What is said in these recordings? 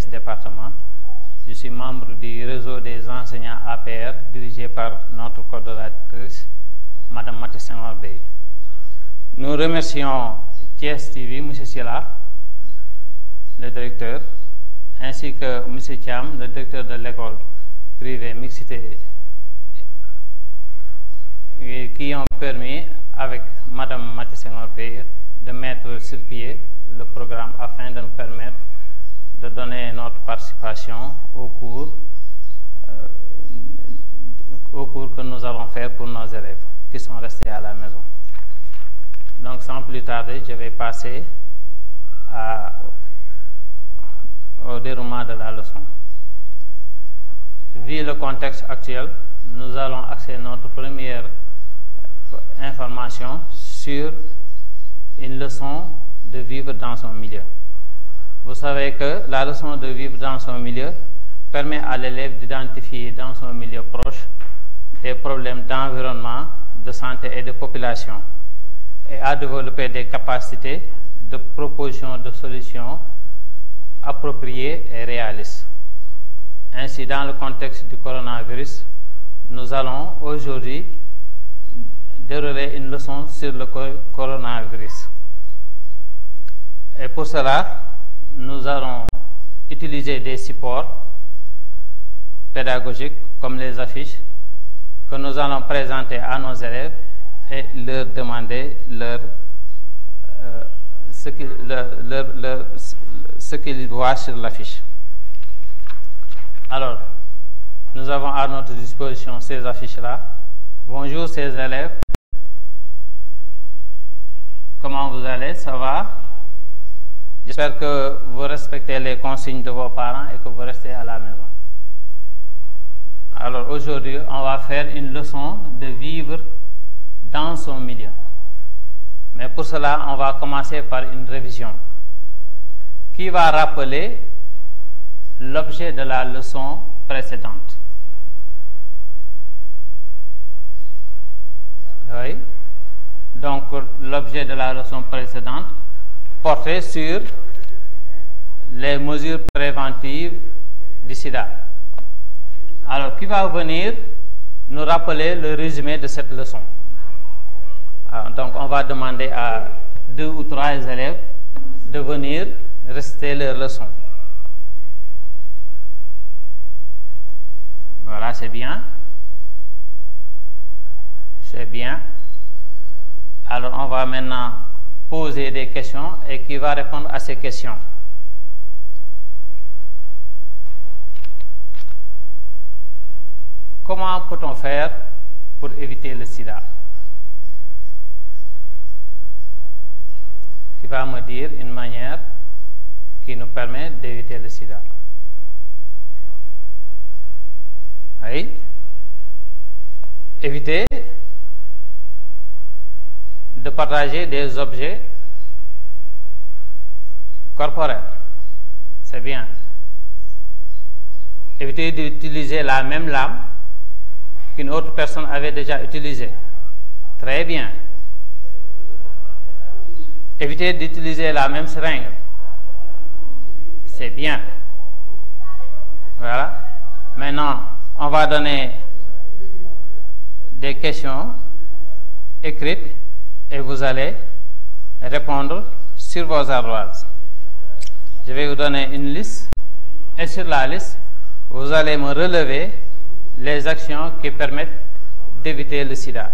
département. Je suis membre du réseau des enseignants APR dirigé par notre coordonnatrice, Madame Matissan Albey. Nous remercions Thiès TV, M. Silla, le directeur, ainsi que M. Thiam, le directeur de l'école privée mixité, qui ont permis, avec Madame Matissan Albey, de mettre sur pied le programme afin de nous permettre de donner notre participation au cours, euh, au cours que nous allons faire pour nos élèves qui sont restés à la maison. Donc sans plus tarder, je vais passer au déroulement de la leçon. Vu le contexte actuel, nous allons axer notre première information sur une leçon de vivre dans son milieu. Vous savez que la leçon de vivre dans son milieu permet à l'élève d'identifier dans son milieu proche des problèmes d'environnement, de santé et de population, et à développer des capacités de proposition de solutions appropriées et réalistes. Ainsi, dans le contexte du coronavirus, nous allons aujourd'hui dérouler une leçon sur le coronavirus. Et pour cela, nous allons utiliser des supports pédagogiques comme les affiches que nous allons présenter à nos élèves et leur demander euh, ce qu'ils voient sur l'affiche. Alors, nous avons à notre disposition ces affiches-là. Bonjour ces élèves. Comment vous allez Ça va J'espère que vous respectez les consignes de vos parents et que vous restez à la maison. Alors aujourd'hui, on va faire une leçon de vivre dans son milieu. Mais pour cela, on va commencer par une révision qui va rappeler l'objet de la leçon précédente. Oui. Donc l'objet de la leçon précédente portée sur les mesures préventives du sida. Alors, qui va venir nous rappeler le résumé de cette leçon Donc, on va demander à deux ou trois élèves de venir rester leur leçon. Voilà, c'est bien. C'est bien. Alors, on va maintenant poser des questions et qui va répondre à ces questions. Comment peut-on faire pour éviter le sida Qui va me dire une manière qui nous permet d'éviter le sida. Oui Éviter de partager des objets corporels. C'est bien. Éviter d'utiliser la même lame qu'une autre personne avait déjà utilisée. Très bien. Éviter d'utiliser la même seringue. C'est bien. Voilà. Maintenant, on va donner des questions écrites et vous allez répondre sur vos ardoises. Je vais vous donner une liste et sur la liste, vous allez me relever les actions qui permettent d'éviter le sida.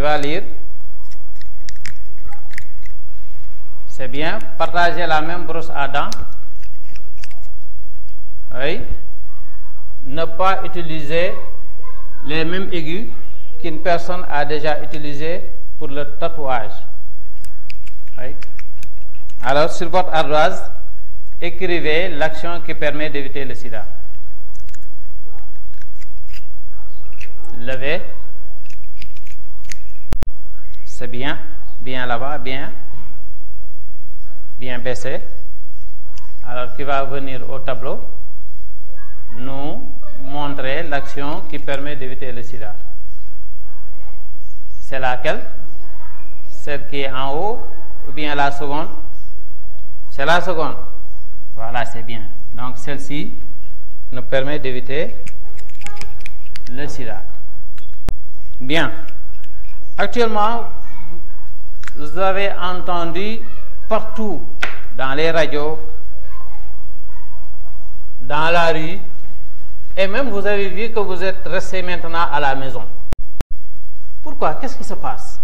va lire. C'est bien. partager la même brosse à dents. Oui. Ne pas utiliser les mêmes aigus qu'une personne a déjà utilisé pour le tatouage. Alors, sur votre ardoise, écrivez l'action qui permet d'éviter le sida. Levez c'est bien, bien là-bas, bien, bien baissé. Alors, qui va venir au tableau nous montrer l'action qui permet d'éviter le sida. C'est laquelle Celle qui est en haut ou bien la seconde C'est la seconde. Voilà, c'est bien. Donc, celle-ci nous permet d'éviter le sida. Bien. Actuellement, vous avez entendu partout, dans les radios, dans la rue, et même vous avez vu que vous êtes resté maintenant à la maison. Pourquoi Qu'est-ce qui se passe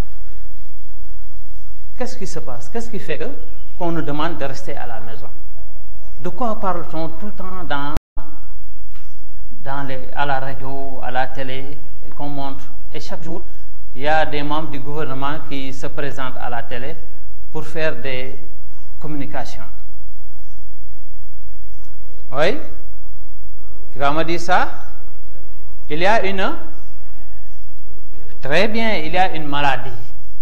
Qu'est-ce qui se passe Qu'est-ce qui fait qu'on nous demande de rester à la maison De quoi parle-t-on tout le temps à la radio, à la télé, qu'on montre Et chaque jour, il y a des membres du gouvernement qui se présentent à la télé pour faire des communications. Oui Qui va me dire ça Il y a une... Très bien, il y a une maladie.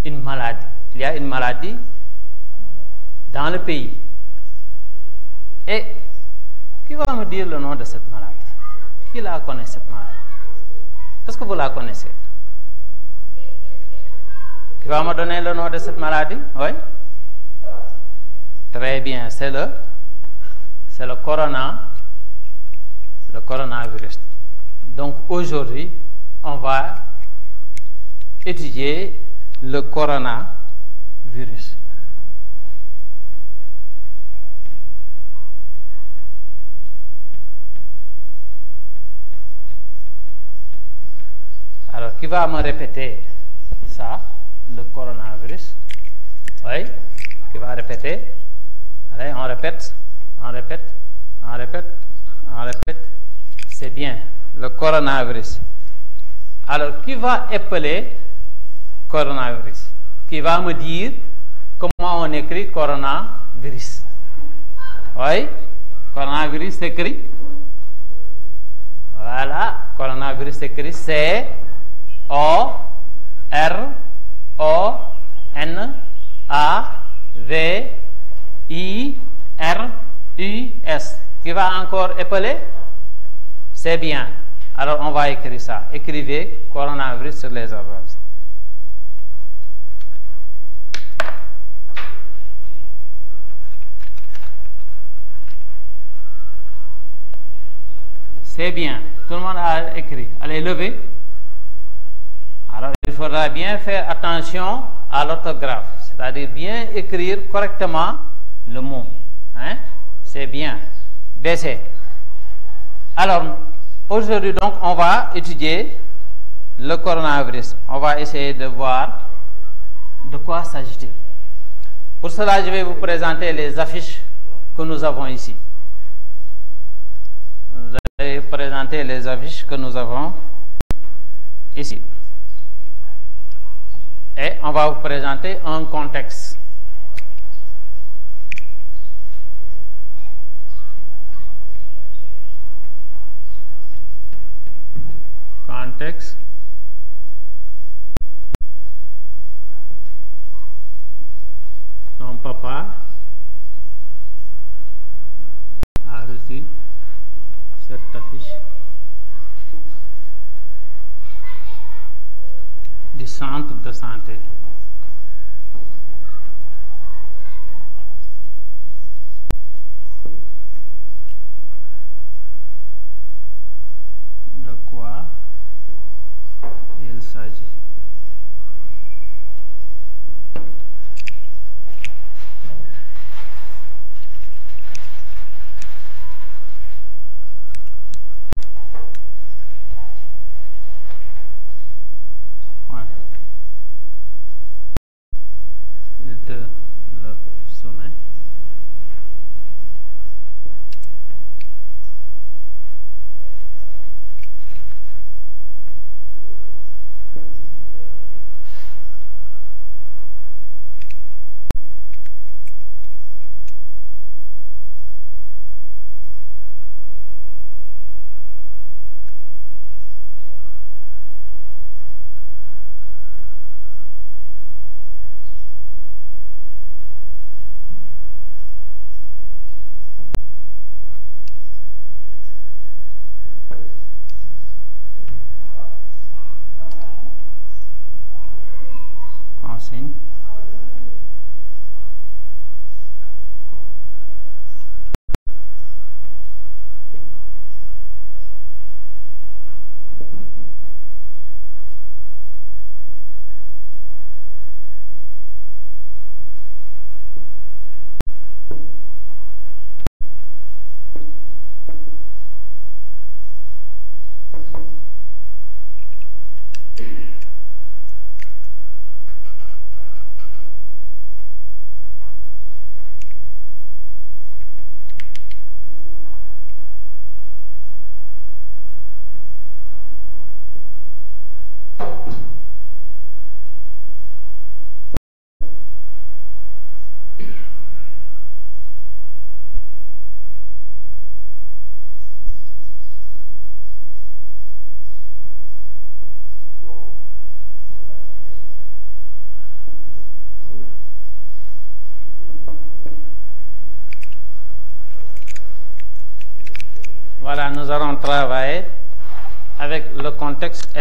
Une maladie. Il y a une maladie dans le pays. Et qui va me dire le nom de cette maladie Qui la connaît cette maladie Est-ce que vous la connaissez tu vas me donner le nom de cette maladie Oui Très bien, c'est le, c'est le corona, le coronavirus. Donc aujourd'hui, on va étudier le corona virus Alors, qui va me répéter ça le coronavirus. Oui, qui va répéter. Allez, on répète, on répète, on répète, on répète. C'est bien, le coronavirus. Alors, qui va épeler coronavirus Qui va me dire comment on écrit coronavirus Oui, coronavirus écrit. Voilà, coronavirus écrit. C'est o r O, N, A, V, I, R, U, S. Tu vas encore épeler C'est bien. Alors, on va écrire ça. Écrivez coronavirus sur les avances. C'est bien. Tout le monde a écrit. Allez, levez il faudra bien faire attention à l'orthographe, c'est-à-dire bien écrire correctement le mot. Hein? C'est bien. Baisser. Alors, aujourd'hui donc, on va étudier le coronavirus. On va essayer de voir de quoi s'agit-il. Pour cela, je vais vous présenter les affiches que nous avons ici. Vous présenter les affiches que nous avons ici et on va vous présenter un contexte. Contexte. Non, papa a reçu cette affiche. शांत दशांत है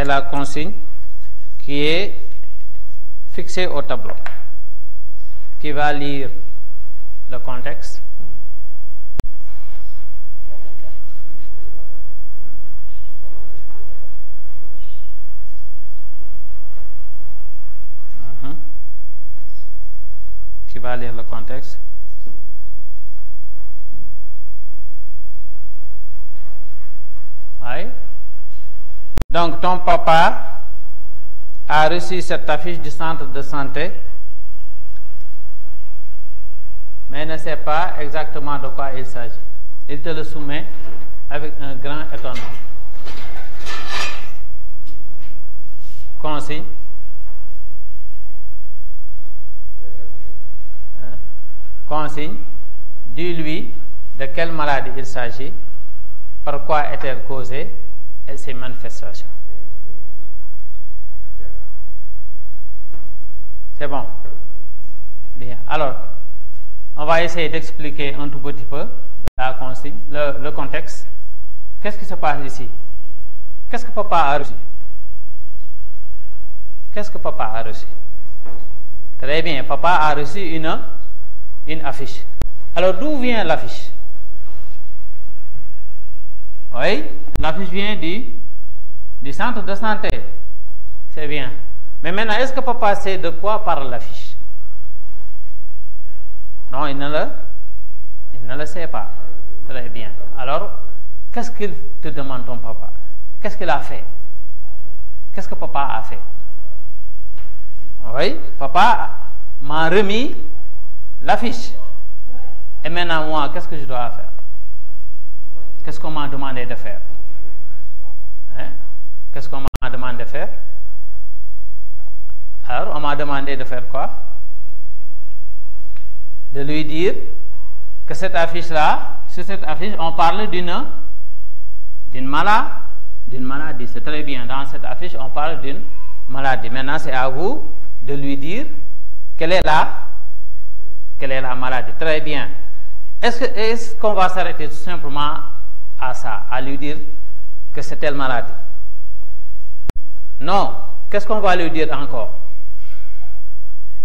la consigne qui est fixée au tableau, qui va lire le contexte. Mhm. Qui va lire le contexte ton papa a reçu cette affiche du centre de santé, mais ne sait pas exactement de quoi il s'agit. Il te le soumet avec un grand étonnement. Consigne. Hein? Consigne. Dis-lui de quelle maladie il s'agit, par quoi est-elle causée et ses manifestations. C'est bon Bien. Alors, on va essayer d'expliquer un tout petit peu la consigne, le, contexte. Qu'est-ce qui se passe ici Qu'est-ce que papa a reçu Qu'est-ce que papa a reçu Très bien, papa a reçu une, une affiche. Alors, d'où vient l'affiche Oui, l'affiche vient du centre de santé. C'est bien. Mais maintenant, est-ce que papa sait de quoi parle l'affiche Non, il ne, le, il ne sait pas. Très bien. Alors, qu'est-ce qu'il te demande ton papa Qu'est-ce qu'il a fait Qu'est-ce que papa a fait Oui, papa m'a remis l'affiche. Et maintenant, moi, qu'est-ce que je dois faire Qu'est-ce qu'on m'a demandé de faire hein? Qu'est-ce qu'on m'a demandé de faire alors, on m'a demandé de faire quoi De lui dire que cette affiche-là, sur cette affiche, on parle d'une d'une maladie. C'est très bien. Dans cette affiche, on parle d'une maladie. Maintenant, c'est à vous de lui dire quelle est la, quelle est la maladie. Très bien. Est-ce qu'on va s'arrêter tout simplement à ça, à lui dire que c'est telle maladie Non. Qu'est-ce qu'on va lui dire encore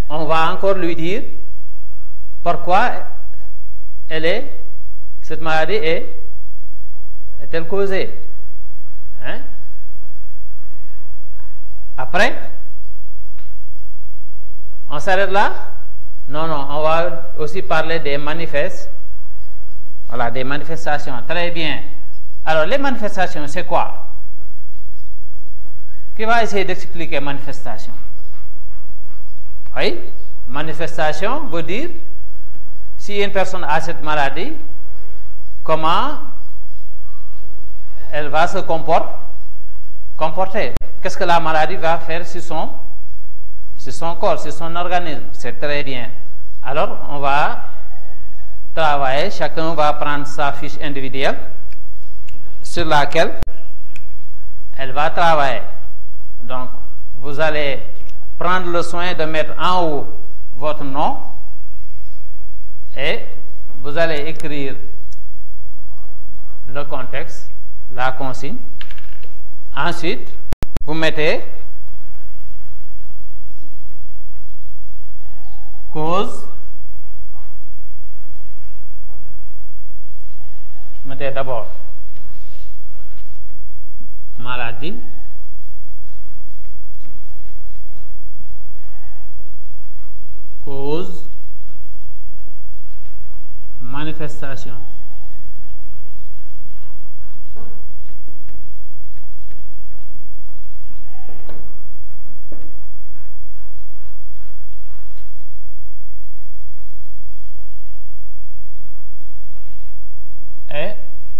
on va encore lui dire pourquoi elle est, cette maladie est, est-elle causée. Hein? Après, on s'arrête là Non, non, on va aussi parler des manifestes. Voilà, des manifestations. Très bien. Alors, les manifestations, c'est quoi Qui va essayer d'expliquer manifestations oui, manifestation veut dire si une personne a cette maladie, comment elle va se comporter, comporter. Qu'est-ce que la maladie va faire sur son, sur son corps, sur son organisme C'est très bien. Alors, on va travailler, chacun va prendre sa fiche individuelle sur laquelle elle va travailler. Donc, vous allez prendre le soin de mettre en haut votre nom et vous allez écrire le contexte, la consigne. Ensuite, vous mettez cause. Mettez d'abord maladie. cause manifestation et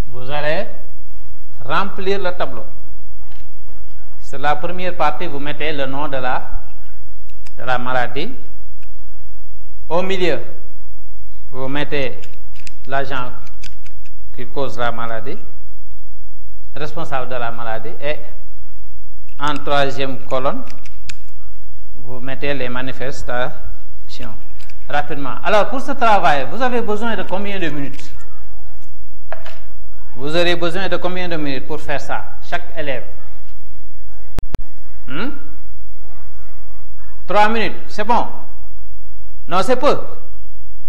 vous allez remplir le tableau c'est la première partie vous mettez le nom de la de la maladie au milieu, vous mettez l'agent qui cause la maladie, responsable de la maladie, et en troisième colonne, vous mettez les manifestations rapidement. Alors, pour ce travail, vous avez besoin de combien de minutes Vous aurez besoin de combien de minutes pour faire ça, chaque élève hmm? Trois minutes, c'est bon non, c'est peu.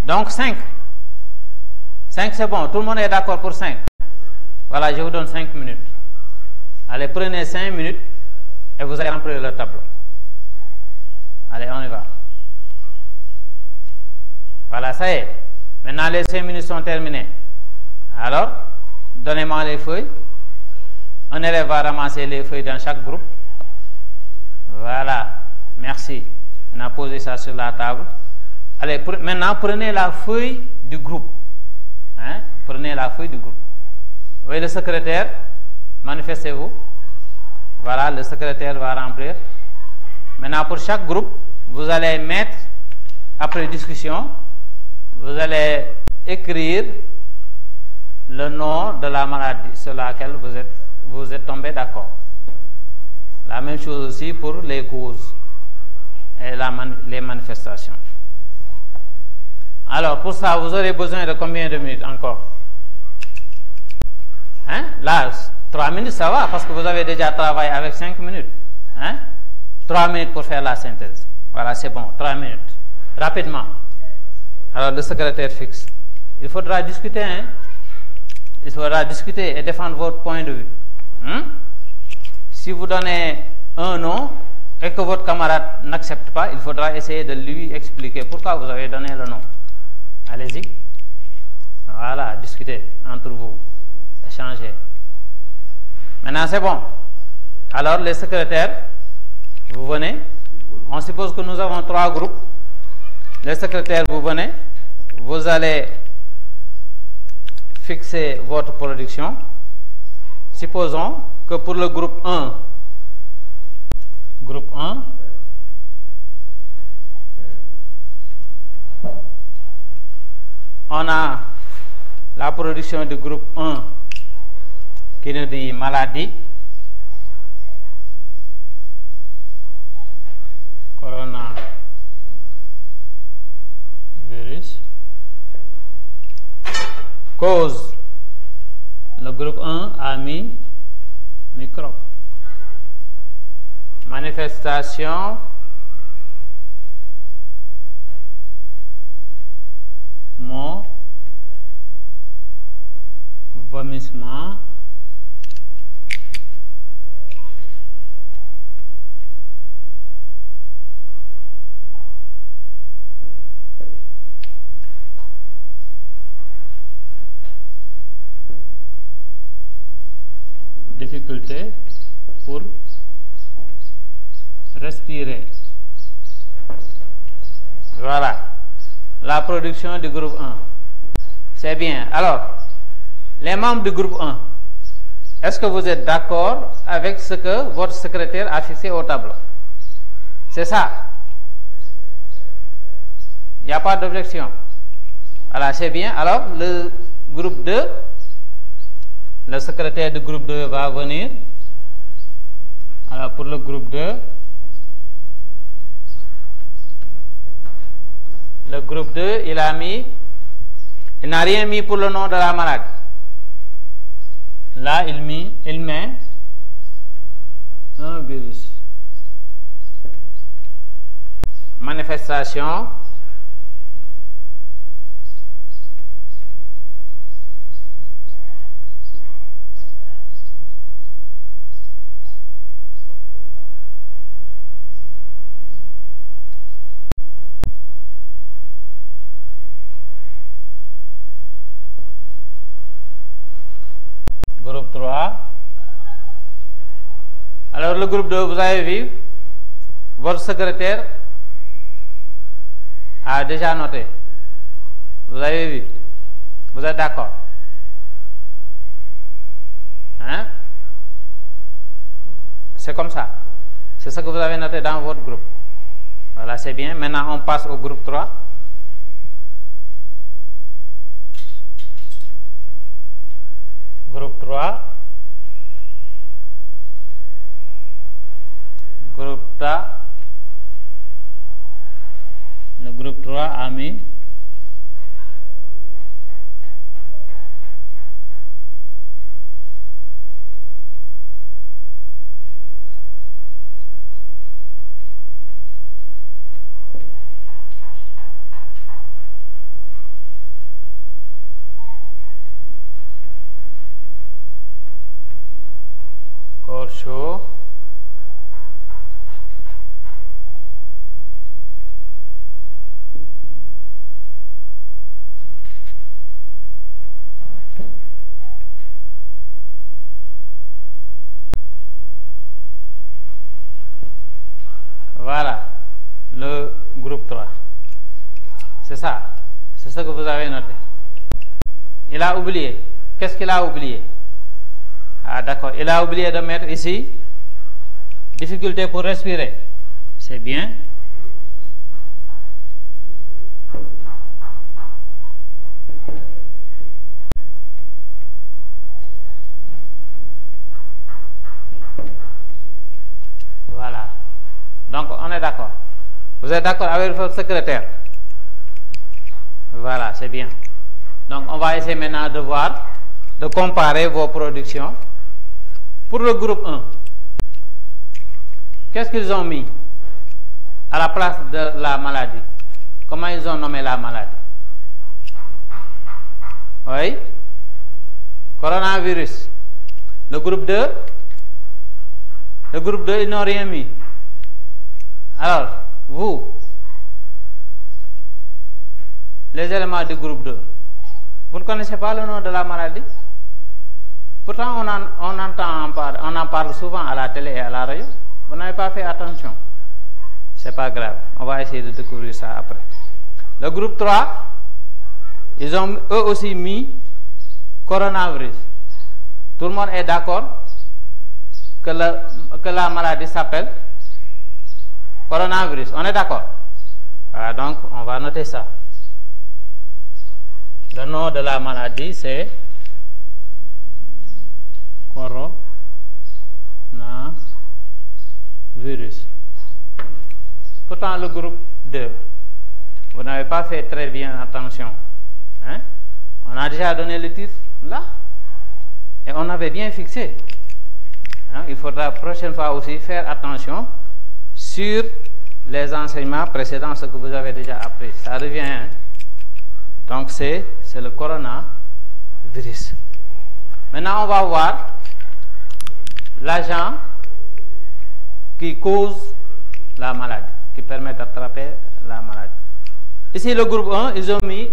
Donc 5. 5, c'est bon. Tout le monde est d'accord pour 5. Voilà, je vous donne 5 minutes. Allez, prenez 5 minutes et vous allez remplir le tableau. Allez, on y va. Voilà, ça y est. Maintenant, les 5 minutes sont terminées. Alors, donnez-moi les feuilles. Un élève va ramasser les feuilles dans chaque groupe. Voilà, merci. On a posé ça sur la table. Allez, maintenant prenez la feuille du groupe. Hein? Prenez la feuille du groupe. voyez le secrétaire, manifestez-vous. Voilà, le secrétaire va remplir. Maintenant, pour chaque groupe, vous allez mettre, après discussion, vous allez écrire le nom de la maladie sur laquelle vous êtes, vous êtes tombé d'accord. La même chose aussi pour les causes et la les manifestations. Alors, pour ça, vous aurez besoin de combien de minutes encore hein? Là, 3 minutes, ça va, parce que vous avez déjà travaillé avec 5 minutes. Hein? 3 minutes pour faire la synthèse. Voilà, c'est bon, 3 minutes. Rapidement. Alors, le secrétaire fixe. Il faudra discuter, hein? Il faudra discuter et défendre votre point de vue. Hein? Si vous donnez un nom, et que votre camarade n'accepte pas, il faudra essayer de lui expliquer pourquoi vous avez donné le nom. Allez-y. Voilà, discutez entre vous, échangez. Maintenant, c'est bon. Alors, les secrétaires, vous venez. On suppose que nous avons trois groupes. Les secrétaires, vous venez. Vous allez fixer votre production. Supposons que pour le groupe 1, groupe 1, on a la production du groupe 1 qui nous dit maladie, Virus. cause. Le groupe 1 a mis microbe. Manifestation mon vomissement difficulté pour respirer. Voilà la production du groupe 1. C'est bien. Alors, les membres du groupe 1, est-ce que vous êtes d'accord avec ce que votre secrétaire a fixé au tableau C'est ça Il n'y a pas d'objection. Alors, c'est bien. Alors, le groupe 2, le secrétaire du groupe 2 va venir. Alors, pour le groupe 2, Le groupe 2, il a mis, il n'a rien mis pour le nom de la malade. Là, il, il met un virus. Manifestation groupe 2, vous avez vu, votre secrétaire a déjà noté. Vous avez vu Vous êtes d'accord hein? C'est comme ça. C'est ce que vous avez noté dans votre groupe. Voilà, c'est bien. Maintenant, on passe au groupe 3. Groupe 3. grup ta grup dua ami Qu'est-ce qu'il a oublié Ah d'accord, il a oublié de mettre ici difficulté pour respirer. C'est bien. Voilà. Donc on est d'accord. Vous êtes d'accord avec votre secrétaire Voilà, c'est bien. Donc on va essayer maintenant de voir, de comparer vos productions. Pour le groupe 1, qu'est-ce qu'ils ont mis à la place de la maladie Comment ils ont nommé la maladie Oui Coronavirus. Le groupe 2 Le groupe 2, ils n'ont rien mis. Alors, vous, les éléments du groupe 2. Vous ne connaissez pas le nom de la maladie Pourtant, on, en, on entend parle, on en parle souvent à la télé et à la radio. Vous n'avez pas fait attention. C'est pas grave. On va essayer de découvrir ça après. Le groupe 3, ils ont eux aussi mis coronavirus. Tout le monde est d'accord que, que, la maladie s'appelle coronavirus. On est d'accord ah, Donc, on va noter ça. Le nom de la maladie, c'est coronavirus. Pourtant, le groupe 2, vous n'avez pas fait très bien attention. Hein? On a déjà donné le titre là. Et on avait bien fixé. Hein? Il faudra la prochaine fois aussi faire attention sur les enseignements précédents, ce que vous avez déjà appris. Ça revient. Hein? Donc c'est le coronavirus. Maintenant, on va voir l'agent qui cause la maladie, qui permet d'attraper la maladie. Ici, le groupe 1, ils ont mis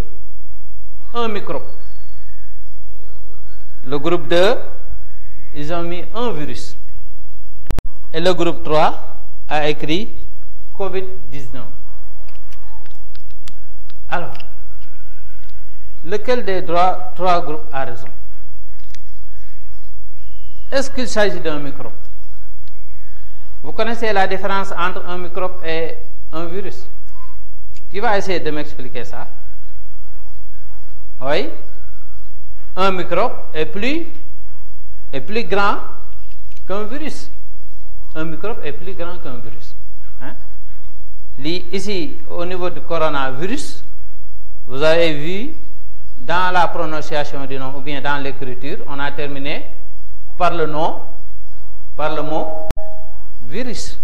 un microbe. Le groupe 2, ils ont mis un virus. Et le groupe 3 a écrit COVID-19. Alors, lequel des trois groupes a raison Est-ce qu'il s'agit d'un microbe Vous connaissez la différence entre un microbe et un virus Qui va essayer de m'expliquer ça Oui Un microbe est plus, est plus grand qu'un virus. Un microbe est plus grand qu'un virus. Hein? Ici, au niveau du coronavirus, vous avez vu dans la prononciation du nom ou bien dans l'écriture, on a terminé par le nom, par le mot virus.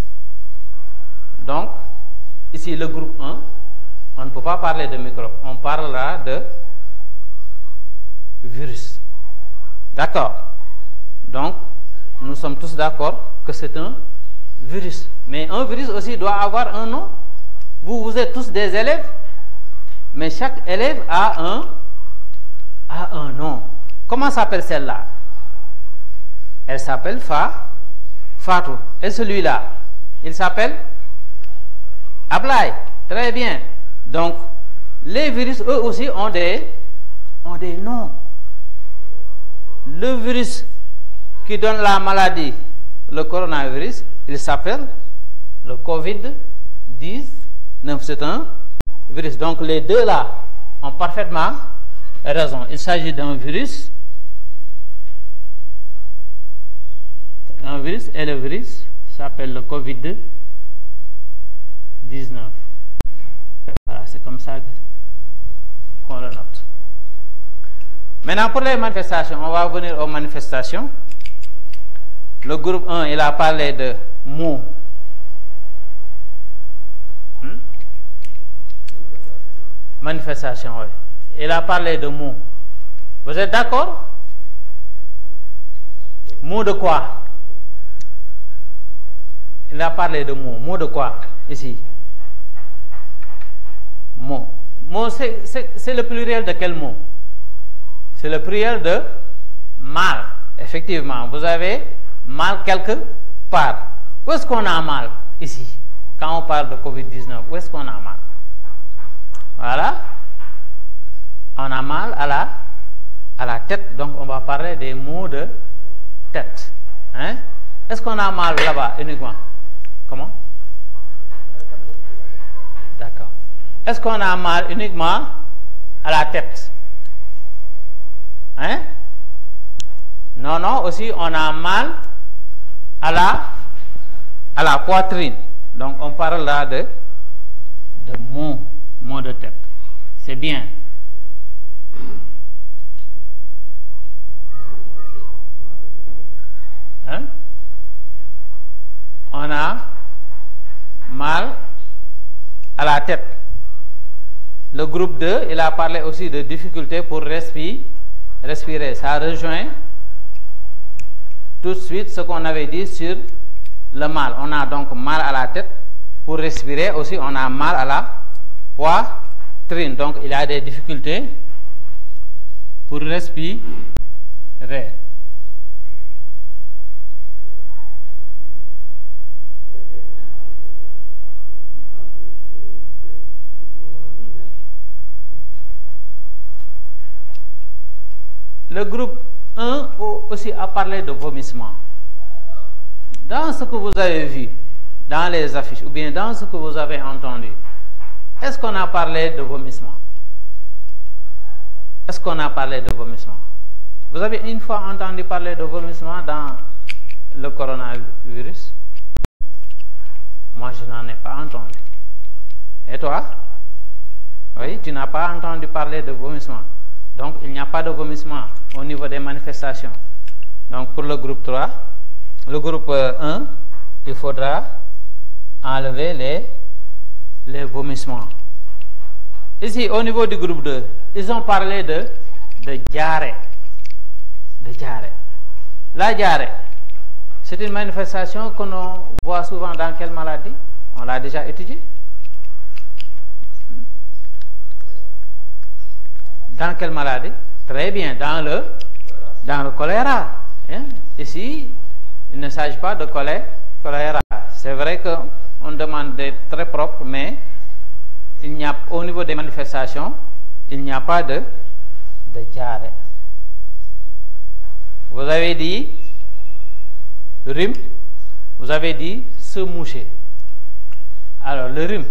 Donc, ici le groupe 1, on ne peut pas parler de microbe, on parlera de virus. D'accord Donc, nous sommes tous d'accord que c'est un virus. Mais un virus aussi doit avoir un nom. Vous, vous êtes tous des élèves, mais chaque élève a un a un nom. Comment s'appelle celle-là Elle s'appelle Fa, Fatou. Et celui-là, il s'appelle Ablai. Très bien. Donc, les virus, eux aussi, ont des, ont des noms. Le virus qui donne la maladie, le coronavirus, il s'appelle le COVID-19. C'est un virus. Donc, les deux-là ont parfaitement raison. Il s'agit d'un virus. Un virus, et le virus s'appelle le COVID-19. Voilà, c'est comme ça qu'on le note. Maintenant, pour les manifestations, on va venir aux manifestations. Le groupe 1, il a parlé de mots. Hmm? Manifestation, oui il a parlé de mots. Vous êtes d'accord Mots de quoi Il a parlé de mots. Mots de quoi Ici. Mots. Mots, c'est le pluriel de quel mot C'est le pluriel de mal. Effectivement, vous avez mal quelque part. Où est-ce qu'on a mal ici Quand on parle de Covid-19, où est-ce qu'on a mal Voilà. On a mal à la, à la tête, donc on va parler des mots de tête. Hein? Est-ce qu'on a mal là-bas uniquement Comment D'accord. Est-ce qu'on a mal uniquement à la tête Hein Non, non, aussi on a mal à la, à la poitrine. Donc on parle là de, de maux, maux de tête. C'est bien. Hein? On a mal à la tête. Le groupe 2, il a parlé aussi de difficultés pour respirer. respirer. Ça rejoint tout de suite ce qu'on avait dit sur le mal. On a donc mal à la tête. Pour respirer aussi, on a mal à la poitrine. Donc, il a des difficultés pour respirer. Le groupe 1 aussi a parlé de vomissement. Dans ce que vous avez vu, dans les affiches, ou bien dans ce que vous avez entendu, est-ce qu'on a parlé de vomissement est-ce qu'on a parlé de vomissement Vous avez une fois entendu parler de vomissement dans le coronavirus Moi, je n'en ai pas entendu. Et toi Oui, tu n'as pas entendu parler de vomissement. Donc, il n'y a pas de vomissement au niveau des manifestations. Donc, pour le groupe 3, le groupe 1, euh, il faudra enlever les, les vomissements. Ici, au niveau du groupe 2, ils ont parlé de, de diarrhée. De La diarrhée, c'est une manifestation qu'on voit souvent dans quelle maladie On l'a déjà étudié. Dans quelle maladie Très bien, dans le, dans le choléra. Hein? Ici, il ne s'agit pas de choléra. C'est vrai qu'on demande d'être très propre, mais il n'y a au niveau des manifestations, il n'y a pas de, de Vous avez dit rhume, vous avez dit se moucher. Alors le rhume,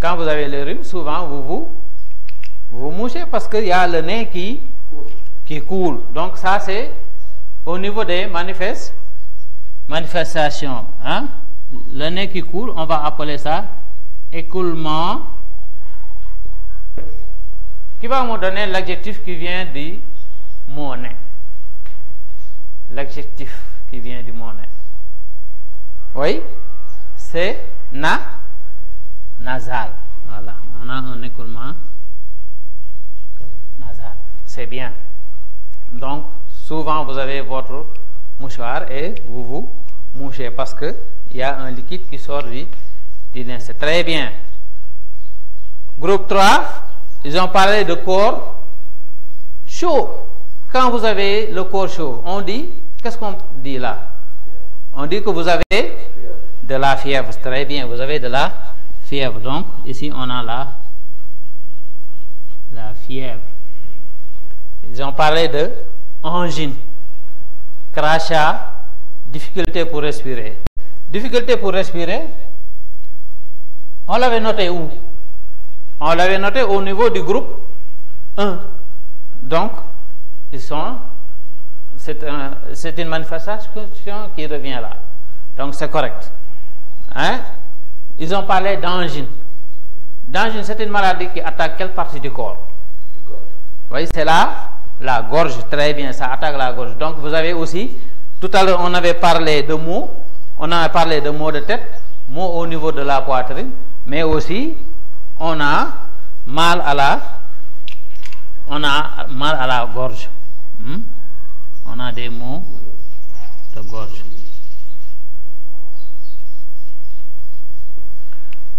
quand vous avez le rhume, souvent vous vous, vous mouchez parce qu'il y a le nez qui, qui coule. Donc ça c'est au niveau des manifestes, manifestations. Hein? Le nez qui coule, on va appeler ça écoulement qui va me donner l'adjectif qui vient du monnaie. L'adjectif qui vient du monnaie. Oui, c'est na, nasal. Voilà, on a un écoulement nasal. C'est bien. Donc, souvent vous avez votre mouchoir et vous vous mouchez parce qu'il y a un liquide qui sort du c'est très bien. Groupe 3, ils ont parlé de corps chaud. Quand vous avez le corps chaud, on dit, qu'est-ce qu'on dit là On dit que vous avez de la fièvre. Très bien, vous avez de la fièvre. Donc, ici, on a la, la fièvre. Ils ont parlé de angine, crachat, difficulté pour respirer. Difficulté pour respirer, on l'avait noté où On l'avait noté au niveau du groupe 1. Donc, ils sont. C'est un, une manifestation qui revient là. Donc, c'est correct. Hein? Ils ont parlé d'angine. D'angine, c'est une maladie qui attaque quelle partie du corps du Vous c'est là la gorge. Très bien, ça attaque la gorge. Donc, vous avez aussi. Tout à l'heure, on avait parlé de mots. On a parlé de mots de tête, mots au niveau de la poitrine mais aussi on a mal à la on a mal à la gorge hmm? on a des maux de gorge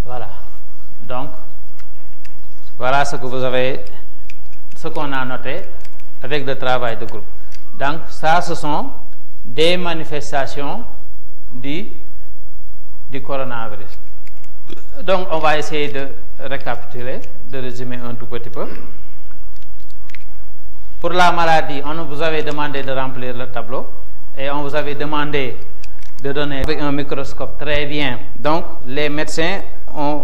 voilà donc voilà ce que vous avez ce qu'on a noté avec le travail de groupe donc ça ce sont des manifestations du coronavirus donc on va essayer de récapituler, de résumer un tout petit peu. Pour la maladie, on vous avait demandé de remplir le tableau et on vous avait demandé de donner avec un microscope très bien. Donc les médecins ont,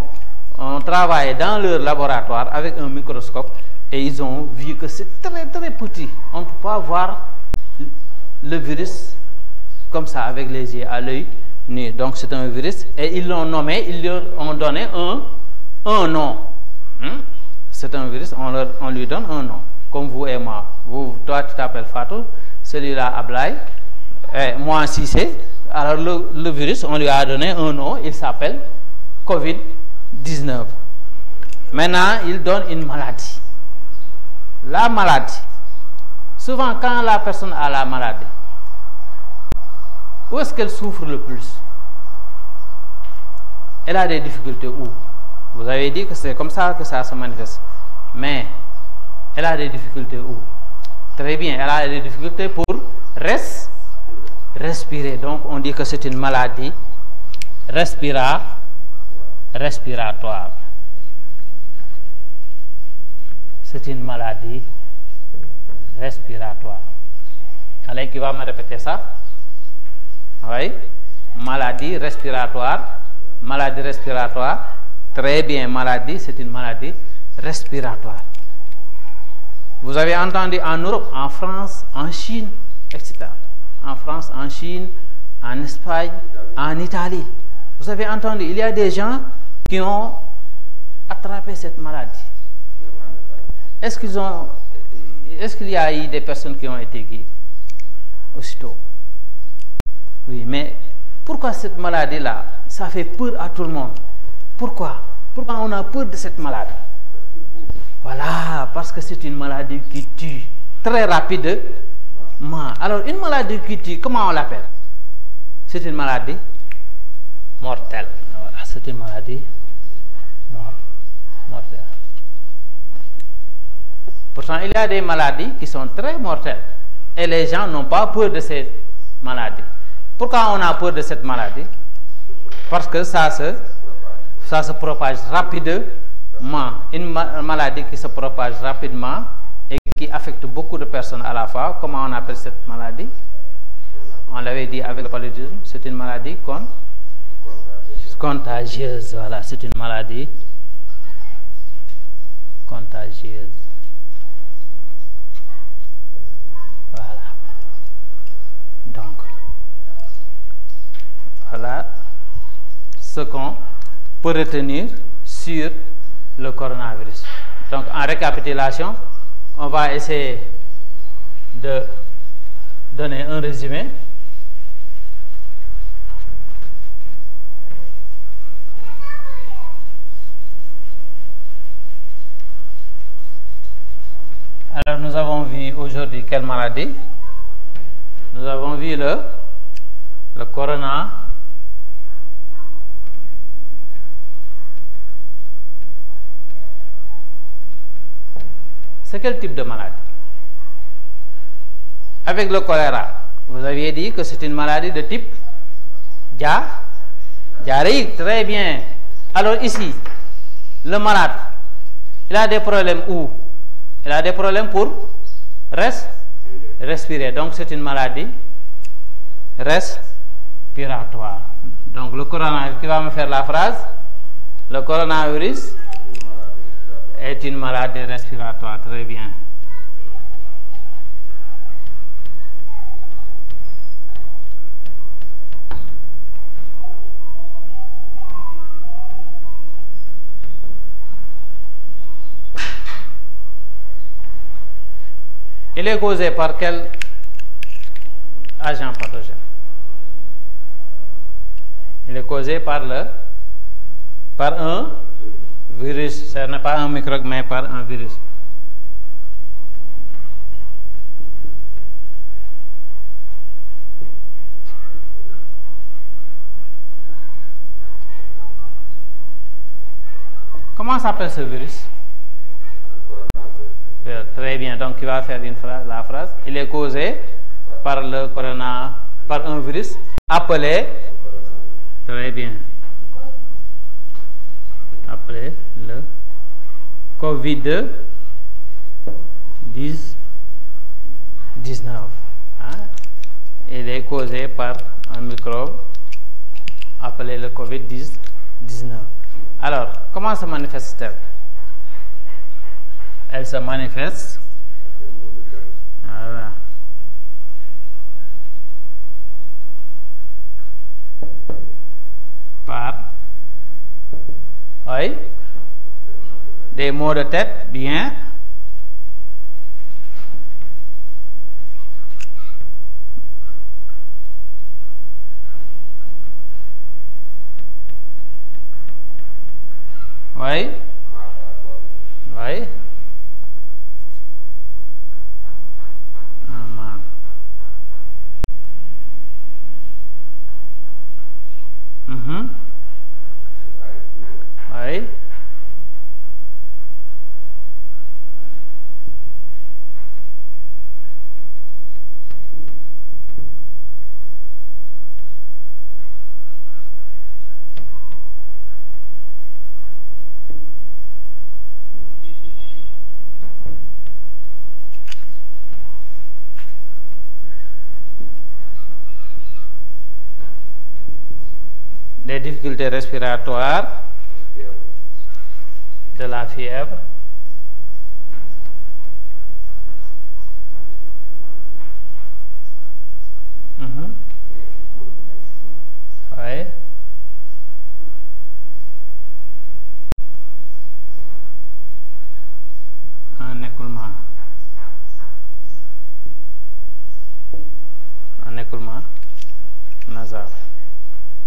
ont travaillé dans leur laboratoire avec un microscope et ils ont vu que c'est très très petit. On ne peut pas voir le virus comme ça avec les yeux à l'œil. Donc c'est un virus. Et ils l'ont nommé, ils lui ont donné un, un nom. Hmm? C'est un virus, on, lui donne un nom. Comme vous et moi. Vous, toi, tu t'appelles Fatou, celui-là, Ablaï, moi moi, c'est Alors le, le virus, on lui a donné un nom, il s'appelle COVID-19. Maintenant, il donne une maladie. La maladie. Souvent, quand la personne a la maladie, où est-ce qu'elle souffre le plus Elle a des difficultés où Vous avez dit que c'est comme ça que ça se manifeste. Mais elle a des difficultés où Très bien, elle a des difficultés pour respirer. Donc on dit que c'est une maladie respiratoire. C'est une maladie respiratoire. Allez, qui va me répéter ça Maladie respiratoire. Maladie respiratoire. Très bien, maladie, c'est une maladie respiratoire. Vous avez entendu en Europe, en France, en Chine, etc. En France, en Chine, en Espagne, en Italie. Vous avez entendu, il y a des gens qui ont attrapé cette maladie. Est-ce qu'ils ont, est-ce qu'il y a eu des personnes qui ont été guéries aussitôt? Oui, mais pourquoi cette maladie-là, ça fait peur à tout le monde Pourquoi Pourquoi on a peur de cette maladie Voilà, parce que c'est une maladie qui tue très rapidement. Alors, une maladie qui tue, comment on l'appelle C'est une maladie mortelle. c'est une maladie mortelle. Pourtant, il y a des maladies qui sont très mortelles. Et les gens n'ont pas peur de ces maladies. Pourquoi on a peur de cette maladie Parce que ça se, ça se propage rapidement. Une maladie qui se propage rapidement et qui affecte beaucoup de personnes à la fois. Comment on appelle cette maladie On l'avait dit avec le paludisme, c'est une maladie contagieuse. contagieuse. Voilà, c'est une maladie contagieuse. Voilà. voilà ce qu'on peut retenir sur le coronavirus. Donc en récapitulation, on va essayer de donner un résumé. Alors nous avons vu aujourd'hui quelle maladie Nous avons vu le, le corona C'est quel type de maladie Avec le choléra, vous aviez dit que c'est une maladie de type ja Très bien. Alors ici, le malade, il a des problèmes où Il a des problèmes pour res respirer. Donc c'est une maladie respiratoire. Donc le coronavirus, qui va me faire la phrase Le coronavirus est une maladie respiratoire. Très bien. Il est causé par quel agent pathogène Il est causé par le par un virus, ce n'est pas un microbe, mais par un virus. Comment s'appelle ce virus euh, Très bien, donc il va faire une la phrase. Il est causé par le corona, par un virus appelé. Très bien appelé le Covid-19. Hein? Il est causé par un microbe appelé le Covid-19. Alors, comment se manifeste-t-elle Elle se manifeste. Voilà. ấy để mua được tết bien vậy vậy difficultés respiratoires, de la fièvre, Uhum. Aí. Nazar.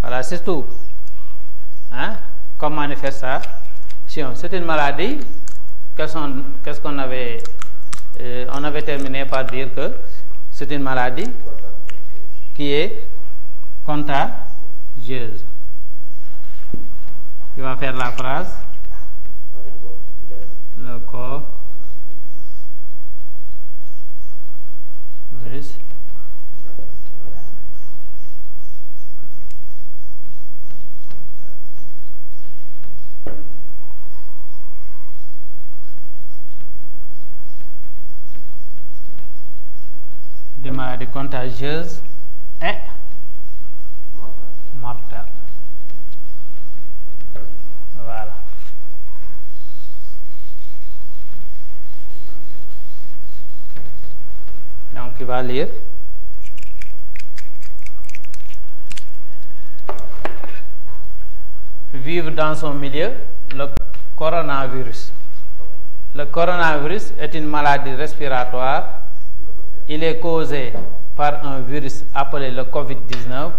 Olha, assiste tu. comme on, C'est une maladie qu'est-ce qu'on avait, euh, on avait terminé par dire que c'est une maladie qui est contagieuse. Tu va faire la phrase. Le corps. contagieuse et mortelle. Voilà. Donc il va lire. Vivre dans son milieu, le coronavirus. Le coronavirus est une maladie respiratoire. Il est causé par un virus appelé le Covid-19.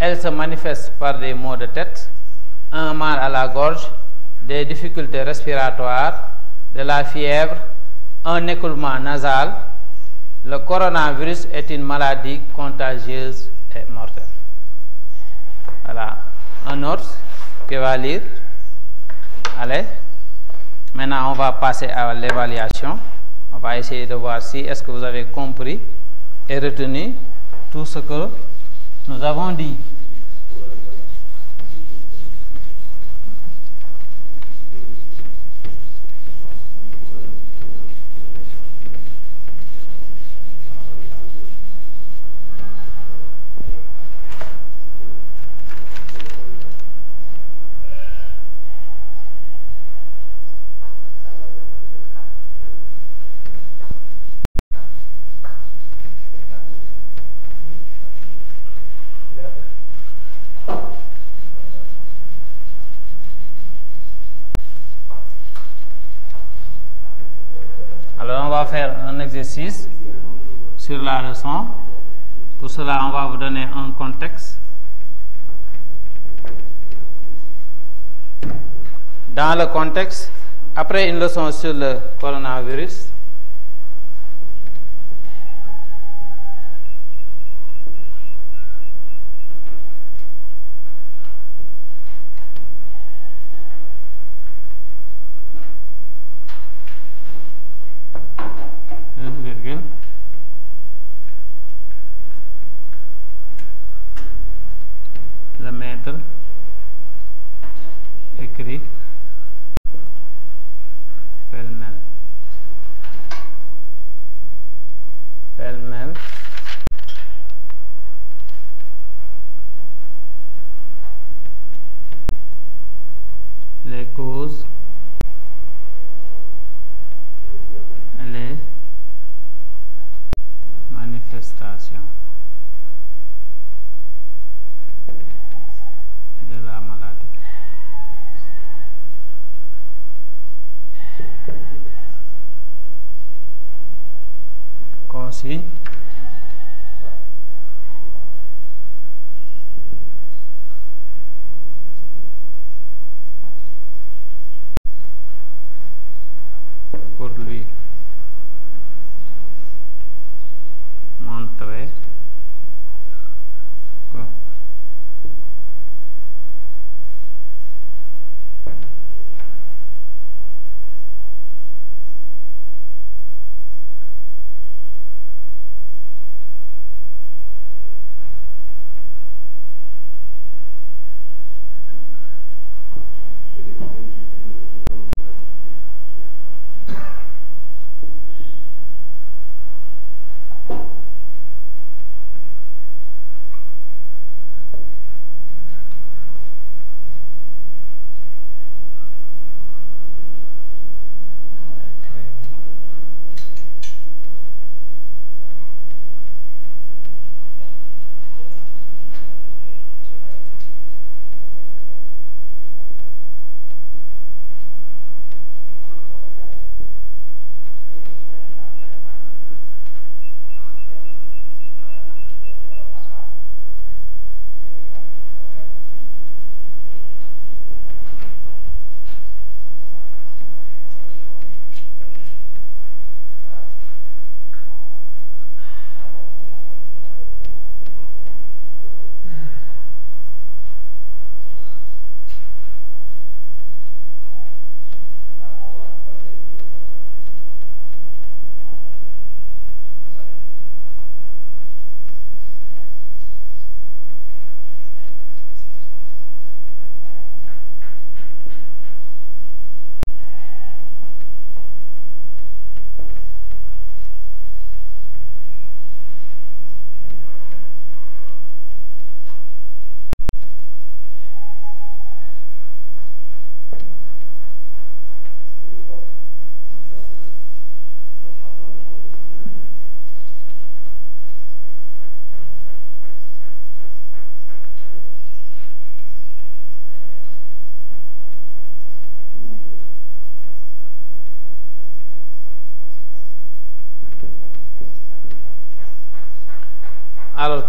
Elle se manifeste par des maux de tête, un mal à la gorge, des difficultés respiratoires, de la fièvre, un écoulement nasal. Le coronavirus est une maladie contagieuse et mortelle. Voilà. Un autre qui va lire. Allez. Maintenant, on va passer à l'évaluation. On va essayer de voir si est-ce que vous avez compris et retenez tout ce que nous avons dit. sur la leçon. Pour cela, on va vous donner un contexte. Dans le contexte, après une leçon sur le coronavirus, 3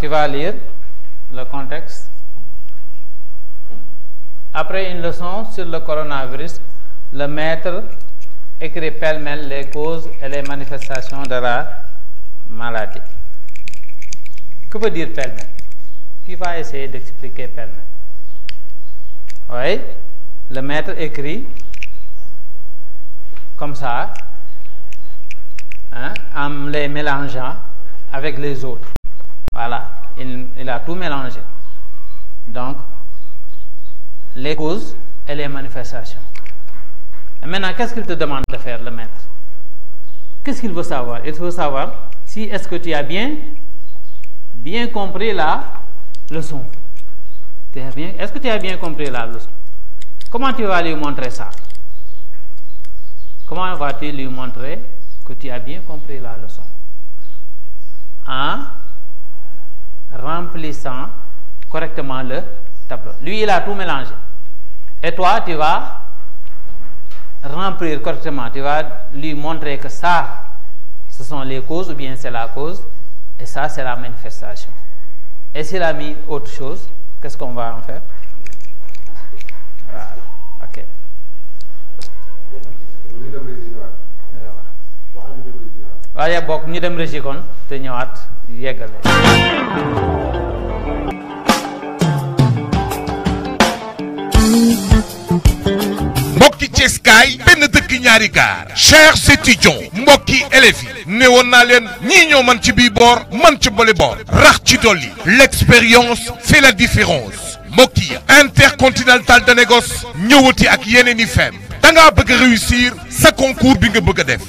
va lire le contexte. Après une leçon sur le coronavirus, le maître écrit pêle-mêle les causes et les manifestations de la maladie. Que veut dire pêle-mêle Qui va essayer d'expliquer pêle-mêle Oui, le maître écrit comme ça, hein, en les mélangeant avec les autres. Voilà, il, a tout mélangé. Donc, les causes et les manifestations. Et maintenant, qu'est-ce qu'il te demande de faire, le maître Qu'est-ce qu'il veut savoir Il veut savoir si est-ce que tu as bien, bien compris la leçon. Est-ce que tu as bien compris la leçon Comment tu vas lui montrer ça Comment vas-tu lui montrer que tu as bien compris la leçon Hein remplissant correctement le tableau. Lui, il a tout mélangé. Et toi, tu vas remplir correctement. Tu vas lui montrer que ça, ce sont les causes ou bien c'est la cause. Et ça, c'est la manifestation. Et s'il a mis autre chose, qu'est-ce qu'on va en faire Voilà. OK yeggale mbokki ceeskaay benn dëkk ñaari gaar chers étudiants mbokki élèves yi ne woon naa leen man ci man l'expérience fait la différence Moki, intercontinental de négoce Nyoti ak yeneen i da bëgg réussir sa concours bi nga bëgg def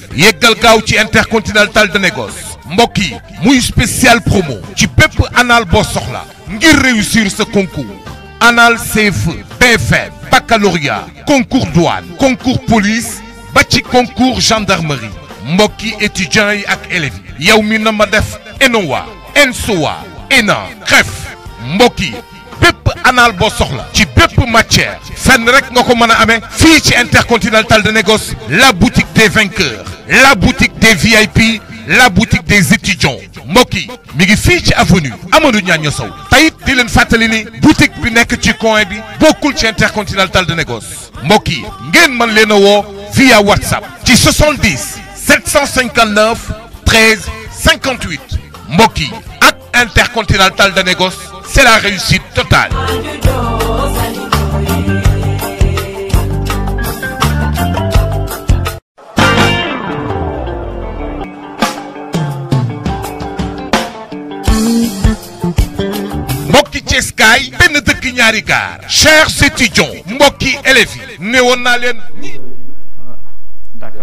intercontinental de négoce Moki, muy spécial promo Tu peux anal boo soxla ngir réussir ce concours anal CFE, pas baccalauréat concours douane concours police ba concours gendarmerie Moki étudiant et ak élèves namadef, ENOA ENSOA ENA Kref, moki. Pep anal bossorla. Tu peux bépp matière Ame, rek nga intercontinental de négoce la boutique des vainqueurs la boutique des VIP la boutique des étudiants MOKI mi avenue Amadou Niang Taït Dylan Fatalini, boutique bi du beaucoup coin intercontinental de négoce MOKI ngeen Lenovo, via whatsapp ci 70 759 13 58 MOKI, intercontinental de négoce c'est la réussite totale chers étudiants Elevi, d'accord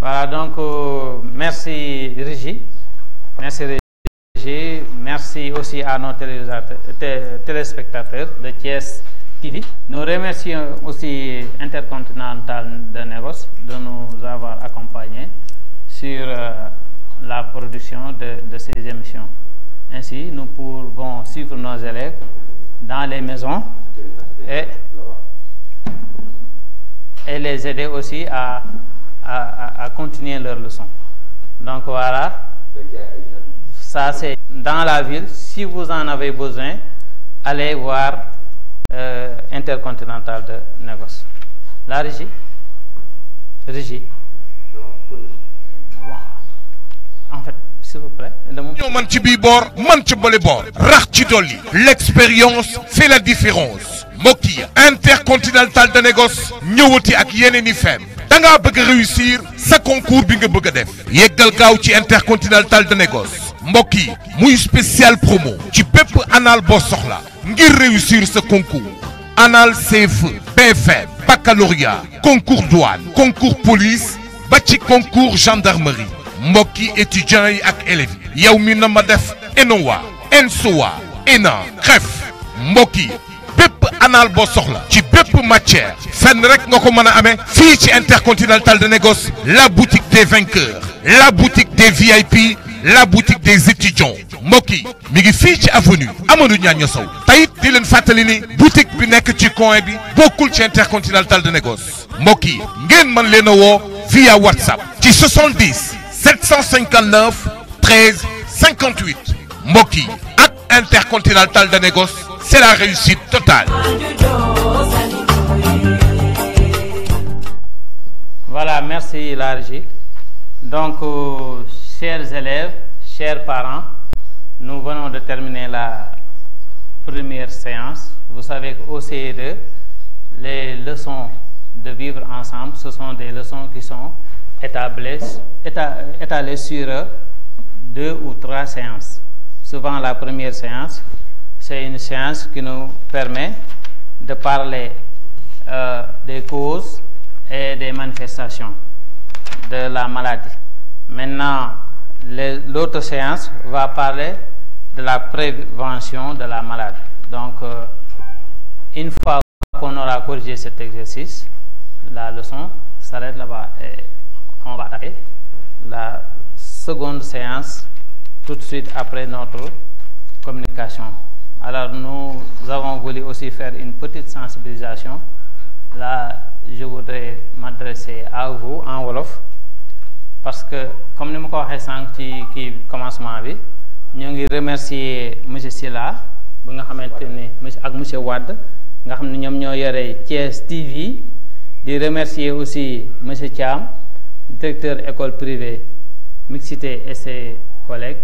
voilà donc euh, merci Régis merci Régis merci aussi à nos téléspectateurs de Thiès TV nous remercions aussi Intercontinental de Negos de nous avoir accompagnés sur euh, la production de ces émissions ainsi, nous pouvons suivre nos élèves dans les maisons et, les aider aussi à, continuer leurs leçons. Donc voilà, ça c'est dans la ville. Si vous en avez besoin, allez voir euh, Intercontinental de Negos. La régie Régie. En fait, man man l'expérience fait la différence Moki, intercontinental de Négos nyoti ak yeneen Tanga feem da bëgg réussir ce concours bi bugadef. bëgg intercontinental de Négos Moki, muy spécial promo ci peux anal bossorla. ngir réussir ce concours anal CFE, BFM, baccalauréat concours douane concours police ba concours gendarmerie Moki étudiant et ak élèves yi na ma def ENOA ENSOA ENA Kref, Moki, Pepe anal boo soxla ci bépp matière fenn rek nga intercontinental de Négos la boutique des vainqueurs la boutique des VIP la boutique des étudiants Moki. mi avenue Amadou Niang Sow tayit di boutique bi tu ci coin bi intercontinental de Négos Moki yi ngeen via WhatsApp ci 70 759 13 58 Moki intercontinental de négoce c'est la réussite totale. Voilà, merci Largi. Donc, euh, chers élèves, chers parents, nous venons de terminer la première séance. Vous savez qu'au ce les leçons de vivre ensemble, ce sont des leçons qui sont étalé euh, sur deux ou trois séances. Souvent, la première séance, c'est une séance qui nous permet de parler euh, des causes et des manifestations de la maladie. Maintenant, l'autre séance va parler de la prévention de la maladie. Donc, euh, une fois qu'on aura corrigé cet exercice, la leçon s'arrête là-bas on va attaquer la seconde séance tout de suite après notre communication. Alors nous avons voulu aussi faire une petite sensibilisation. Là, je voudrais m'adresser à vous en wolof parce que comme nous avons ko waxee commencement nous avons remercié remercier monsieur M. ba nga M. monsieur remercier aussi monsieur Thiam directeur école privée mixité et ses collègues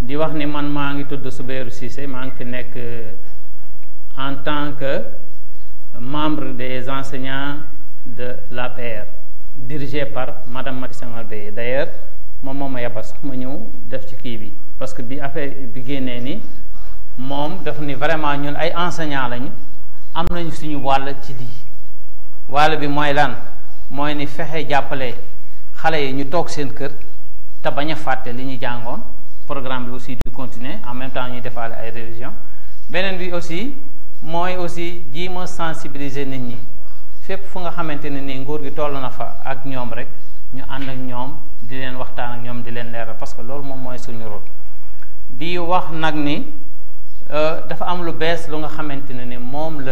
di wax ni man maa ngi tudd Soubeyrou Cissé maa ngi fi euh, en tant que membre des enseignants de l'APR dirigé par madame Maty Senghor d'ailleurs mom moma ma sax ma ñëw def ci ki bi parce que bi affaire bi génné ni mom daf ni vraiment ñun ay enseignants lañu am nañu suñu wall ci lii wàll bi moy lan moy ni fexé jappalé xalé yi ñu tok seen kër ta baña faté li ñu jàngoon programme bi aussi du continuer en même temps ñu defaale ay révision benen bi aussi moy aussi ji ma sensibiliser nit ñi fep fu nga xamante ne ngor gi toll na fa ak ñom rek ñu and ak ñom di len waxtaan ak ñom di len leeral parce que lool mom moy suñu rôle di wax nak ni euh, dafa am lu bees lu nga xamante ne ni moom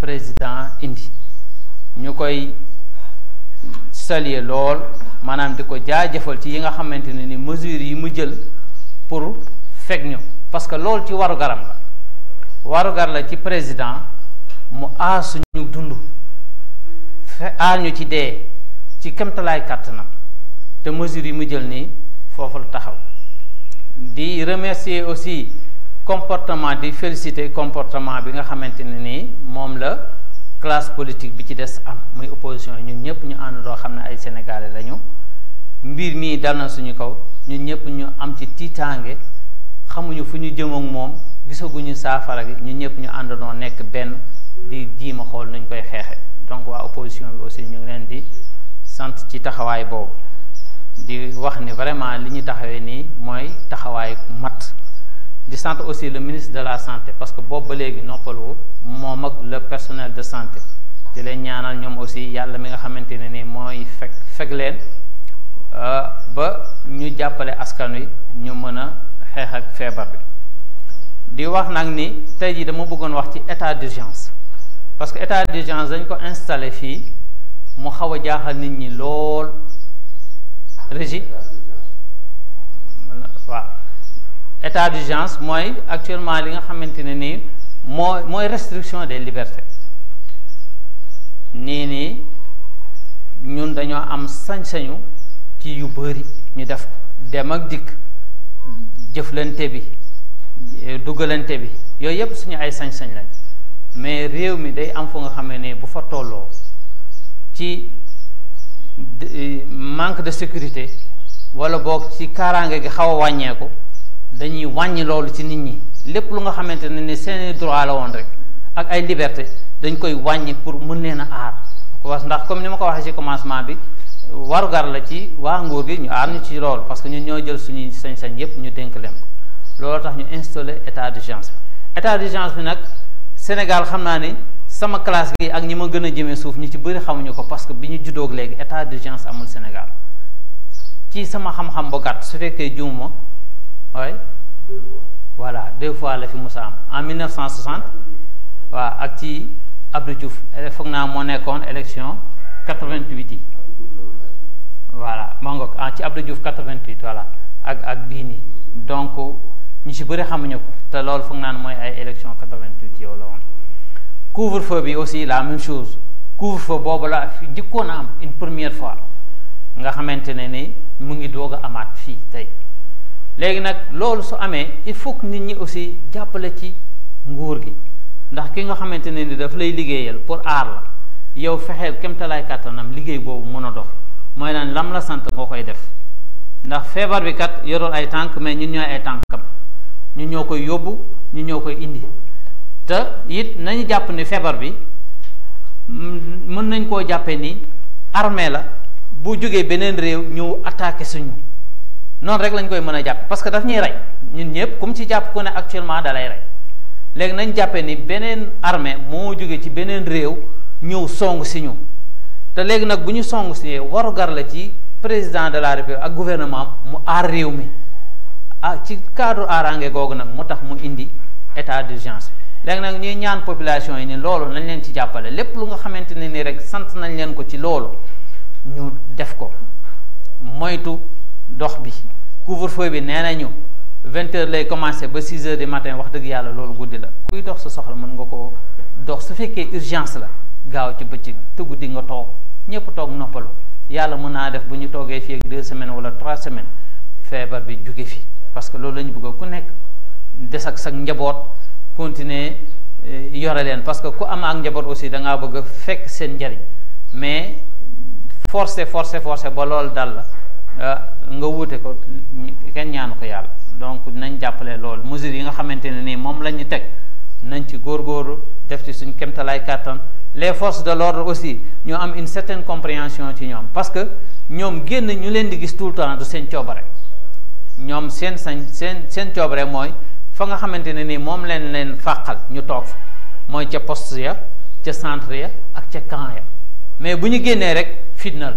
président indi ñukoy saluer lool maanaam di ko jaajëfal ci yi nga xamante ne ni mesures yi mu jël pour fekk ñu parce que loolu ci waru garam la waru la ci président mu aar ñu dund fe aar ñu ci dee ci kemtalaay kàttanam te mesures yi mu jël nii foofu la taxaw di remercier aussi comportement di féliciter comportement bi nga xamante ne nii moom la classe politique bi ci des am muy opposition ñun ñëpp ñu àndandoo xam ne ay sénégalais lañu mbir mii dal na suñu kaw ñun ñëpp ñu am ci tiitaange xamuñu fu ñu jëm ak moom gisaguñu saafara gi ñu ñëpp ñu àndandoo nekk benn di jiima xool nuñ koy xeexe donc waa opposition bi aussi ñu ngi leen di sant ci taxawaay boobu di wax ni vraiment li ñu taxawee nii mooy taxawaay mat di sant aussi le ministre de la santé parce que boobu ba léegi noppalu moom le personnel de santé di leen ñaanal ñom aussi yalla mi nga xamante ne ni mooy fek fekk leen euh, ba ñu jappalé askan wi ñu mëna a ak fièvre bi di wax nak ni tay ji dama bëggon wax ci état d'urgence parce que état d'urgence dañ ko installé fi mu xawa jaaxal nit ñi lool régie waaw état d'urgence mooy actuellement li nga xamante ne nii moo mooy restriction des libertés nii nii ñun dañoo am sañ-sañu ci yu bëri ñu def ko dem ak dikk jëflante bi dugalante bi yooyu yëpp suñu ay sañ-sañ lañ mais réew mi day am fu nga xam ne bu fa tolloo ci euh, manque de sécurité wala boog ci kaaraange gi xaw a wàññeeku. dañuy wàññi loolu ci nit ñi lépp lu nga xamante ne ni seeni droit la woon rek ak ay liberté dañ koy wàññi pour mun mën leen a ko wax ndax comme ni ma ko waxee ci commencement bi warugar la ci waa nguur gi ñu aar ñu ci loolu parce que ñun ñoo jël suñuy sañ-sañ yépp ñu dénk leen ko loolu tax ñu installé état d'urgence bi état d'urgence bi nag Sénégal xam naa ni sama classe gi ak ñi ma gën a jëmee suuf ñu ci bëri xamuñu ko parce que bi ñu juddoog léegi état d'urgence amul Sénégal ci sama xam-xam su fekkee juum oui voilà deux fois la fi Moussa en 1960 waaw ak ci Abdou Diouf foog naa mon école, élection 88 voilà Mangok nga ah Abdou Diouf 88 voilà ak ak Bini donc ñu si bëri xamuñu ko te loolu foog naan mooy élection 88 yow la couvre-feu bi aussi la même chose couvre-feu boobu la fi am une première fois nga xamante ne ni mu ngi doog léegi nag loolu su amee il faut nit ñi aussi jàppale ci nguur gi ndax ki nga xamante ne ni daf lay liggéeyal pour aar la yow fexeel kemtalaay kàttanam liggéey boobu mën a dox mooy naan lam la sant nga koy def ndax feebar bi kat yorul ay tànk mais ñu ñooy ay tànkam ñun ñoo koy yóbbu ñu ñoo koy indi te it nañu jàpp ni feebar bi mm, mën nañ koo jàppee ni armée la bu jógee beneen réew ñëw attaqué suñu noonu rek lañ koy mën a jàpp parce que daf ñuy rey ñun ñëpp comme ci jàpp ku ne actuellement da rey léegi nañ jàppee ni beneen armée moo jógee ci beneen réew ñëw songu si ñu te léegi nag bu ñu songu si warugar la ci président de la république ak gouvernement mu aar réew mi ah ci cadre aarange googu nag mu tax mu indi état d'urgence léegi nag ñuy ñaan population yi ni loolu nañ leen ci jàppale lépp lu nga xamante ne ni rek sant nañ leen ko ci loolu ñu def ko dox bi couvre-feu bi nee ñu vingt heures lay commencer ba six heures du matin wax dëgg yàlla loolu guddi la kuy dox sa soxla mun nga koo dox su fekkee urgence la gaaw ci bëccëg te guddi nga toog ñëpp toog noppalu yàlla mën naa def bu ñu toogee fii ak deux semaines wala trois semaine feebar bi jóge fi parce que loolu la bëgg ku nekk des ak sa njaboot continuer eh, yore leen parce que ku am ak njaboot aussi da ngaa bëgg a fekk seen njariñ mais force force forcer ba loolu dal la Ah, nga wuute ko kenn ñaanu ko yàlla donc nañ jàppale loolu mesures yi nga xamante ne nii moom la ñu teg nañ ci góor góoru def ci suñ kemtalaay kàttan les forces de l'ordre aussi ñu am une certaine compréhension ci ñoom parce que ñoom génn ñu leen di gis tout le temps du seen coobare ñoom seen sañ seen seen coobare mooy fa nga xamante ne nii moom leen leen fàqal ñu toog fa mooy ca post ya ca centre ya ak ca camp ya mais bu ñu génnee rek fitna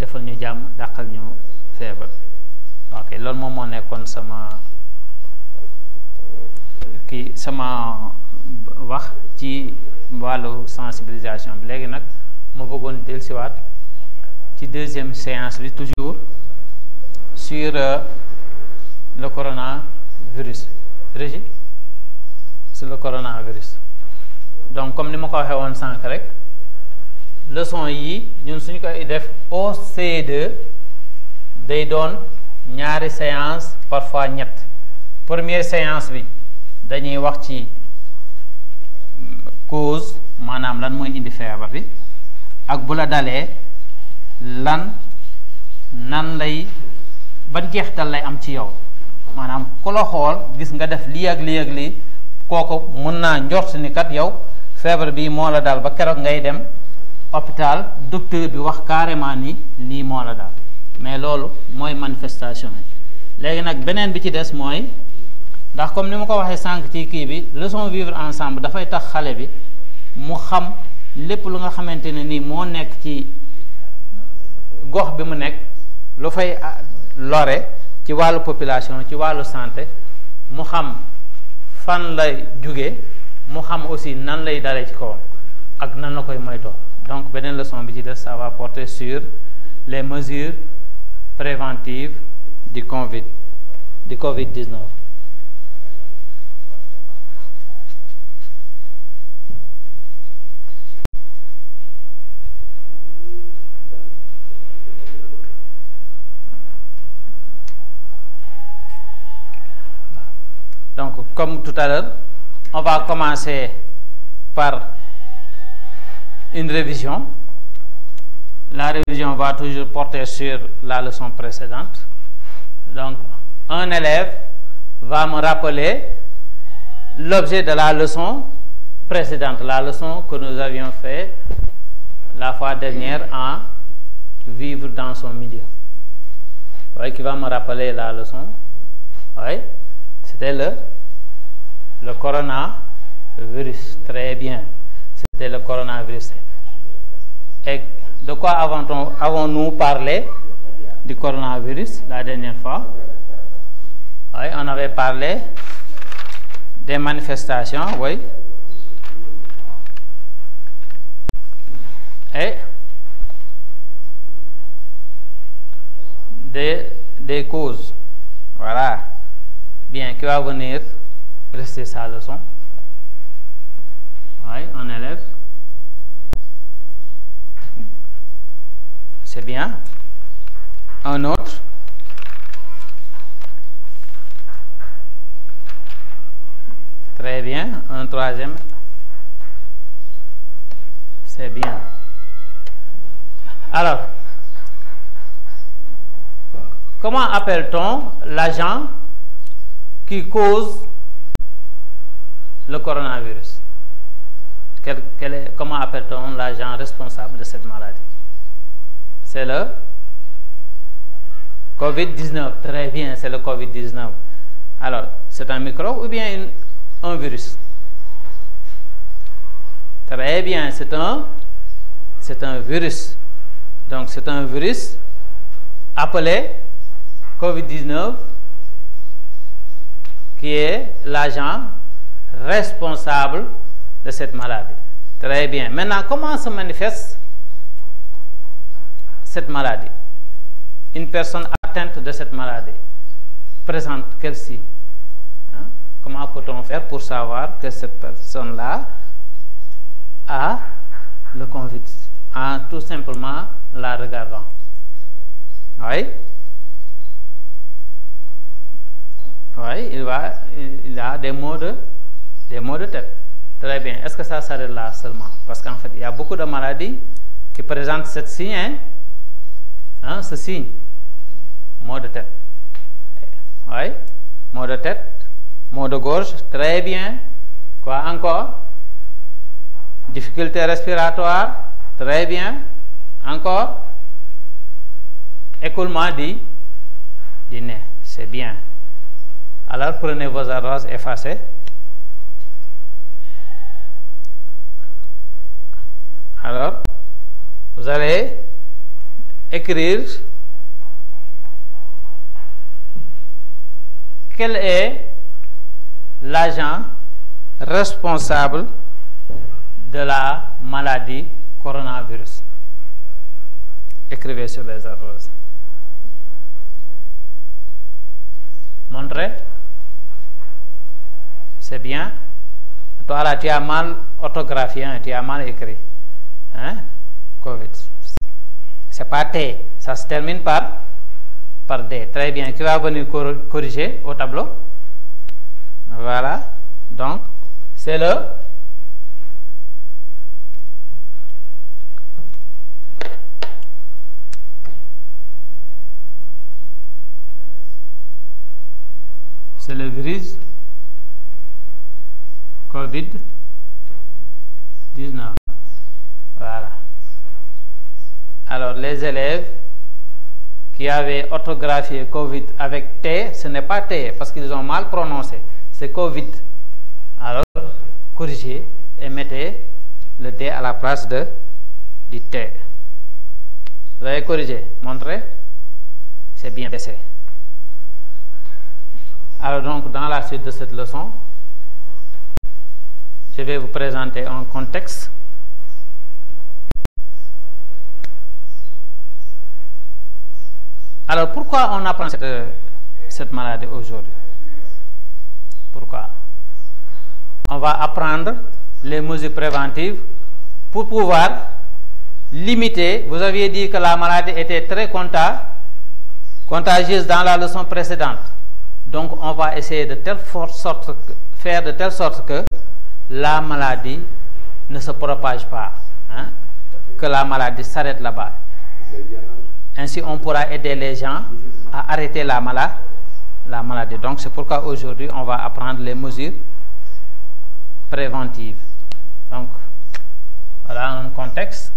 defal ñu jàmm dàqal ñu feebar ok loolu moom moo nekkoon sama kii sama wax ci wàllu sensibilisation bi léegi nag ma bëggoon dellusiwaat ci deuxième séance bi toujours sur euh, le coronavirus Régis sur le coronavirus donc comme ni ma ko waxee woon rek leçon yi ñun suñ koy def au ce day doon ñaari séance parfois ñett première séance bi dañuy wax ci cause maanaam lan mooy indi feebar bi ak bu la dalee lan nan lay ban jeextal lay am ci yow maanaam ku la xool gis nga def lii ak li ak lii kooku mun naa njort ni kat yow feebar bii moo la daal ba keroog ngay dem hôpital docteur bi wax carrément ni lii moo la daal mais loolu mooy manifestation yi léegi nag beneen bi ci des mooy ndax comme ni ma ko waxee sànq ci kii bi leçon vivre ensemble dafay tax xale bi mu xam lépp lu nga xamante ne nii moo nekk ci gox bi mu nekk lu fay ah, lore ci wàllu population ci wàllu santé mu xam fan lay jóge mu xam aussi nan lay dalee ci kawam ak nan la koy moytoo donc beneen leçon ça va porter sur les mesures préventives du Covid du Covid-19 donc comme tout à l'heure on va commencer par une révision. La révision va toujours porter sur la leçon précédente. Donc, un élève va me rappeler l'objet de la leçon précédente, la leçon que nous avions faite la fois dernière en vivre dans son milieu. Oui, qui va me rappeler la leçon. Oui, c'était le, le coronavirus. Très bien c'est le coronavirus. Et de quoi avons-nous parlé du coronavirus la dernière fois oui, On avait parlé des manifestations, oui. Et des, des causes. Voilà. Bien, qui va venir rester sa leçon un élève, C'est bien. Un autre. Très bien. Un troisième. C'est bien. Alors, comment appelle-t-on l'agent qui cause le coronavirus comment appelle-t-on l'agent responsable de cette maladie C'est le Covid-19. Très bien, c'est le Covid-19. Alors, c'est un micro ou bien un virus Très bien, c'est un, c'est un virus. Donc, c'est un virus appelé Covid-19 qui est l'agent responsable de cette maladie. Très bien. Maintenant, comment se manifeste cette maladie Une personne atteinte de cette maladie présente quels signe hein? Comment peut-on faire pour savoir que cette personne-là a le COVID En tout simplement la regardant. Oui Oui, il, va, il a des mots des mots de tête. Très bien. Est-ce que ça s'arrête là seulement Parce qu'en fait, il y a beaucoup de maladies qui présentent cette signe, hein? hein ce signe. Maux de tête. Oui. Maux de tête, Maux de gorge. Très bien. Quoi encore Difficulté respiratoire. Très bien. Encore Écoulement dit dîner. C'est bien. Alors prenez vos arroses effacées. Alors, vous allez écrire quel est l'agent responsable de la maladie coronavirus. Écrivez sur les arroses. Montrez. C'est bien. Toi là, tu as mal orthographié, hein, tu as mal écrit hein, COVID. C'est pas T, ça se termine par, par D. Très bien, qui va venir corriger au tableau Voilà, donc c'est le c'est le virus COVID-19. Voilà. Alors, les élèves qui avaient orthographié COVID avec T, ce n'est pas T parce qu'ils ont mal prononcé. C'est COVID. Alors, corrigez et mettez le T à la place de, du T. Vous avez corrigé. Montrez. C'est bien baissé. Alors donc, dans la suite de cette leçon, je vais vous présenter un contexte Alors pourquoi on apprend euh, cette, maladie aujourd'hui Pourquoi On va apprendre les mesures préventives pour pouvoir limiter. Vous aviez dit que la maladie était très contagieuse dans la leçon précédente. Donc on va essayer de telle sorte faire de telle sorte que la maladie ne se propage pas, hein, que la maladie s'arrête là-bas. Ainsi, on pourra aider les gens à arrêter la, maladie. Donc, c'est pourquoi aujourd'hui, on va apprendre les mesures préventives. Donc, voilà un contexte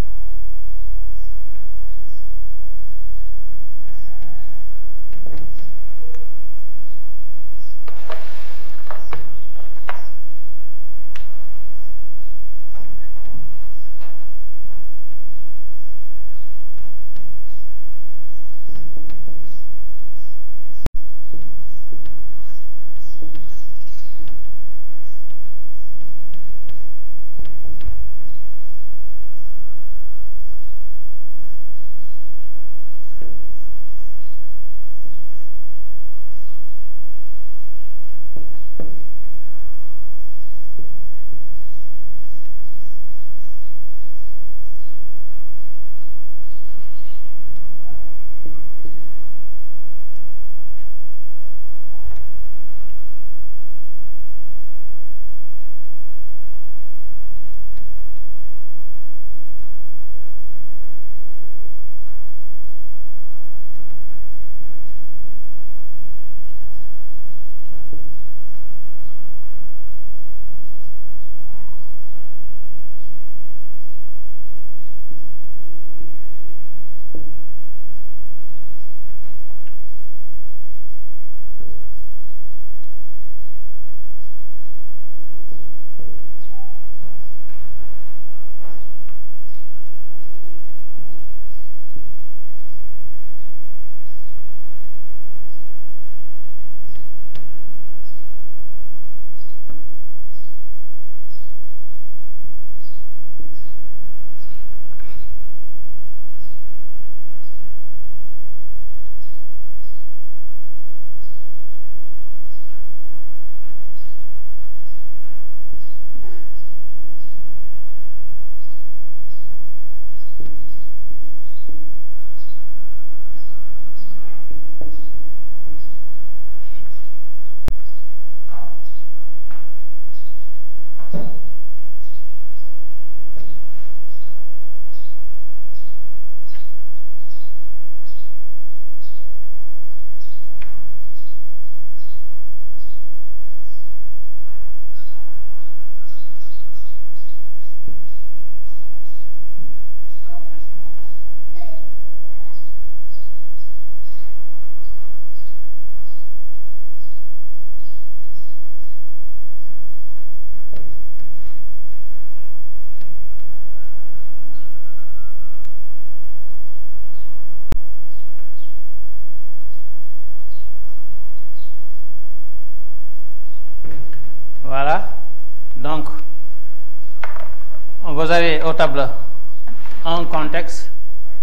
un contexte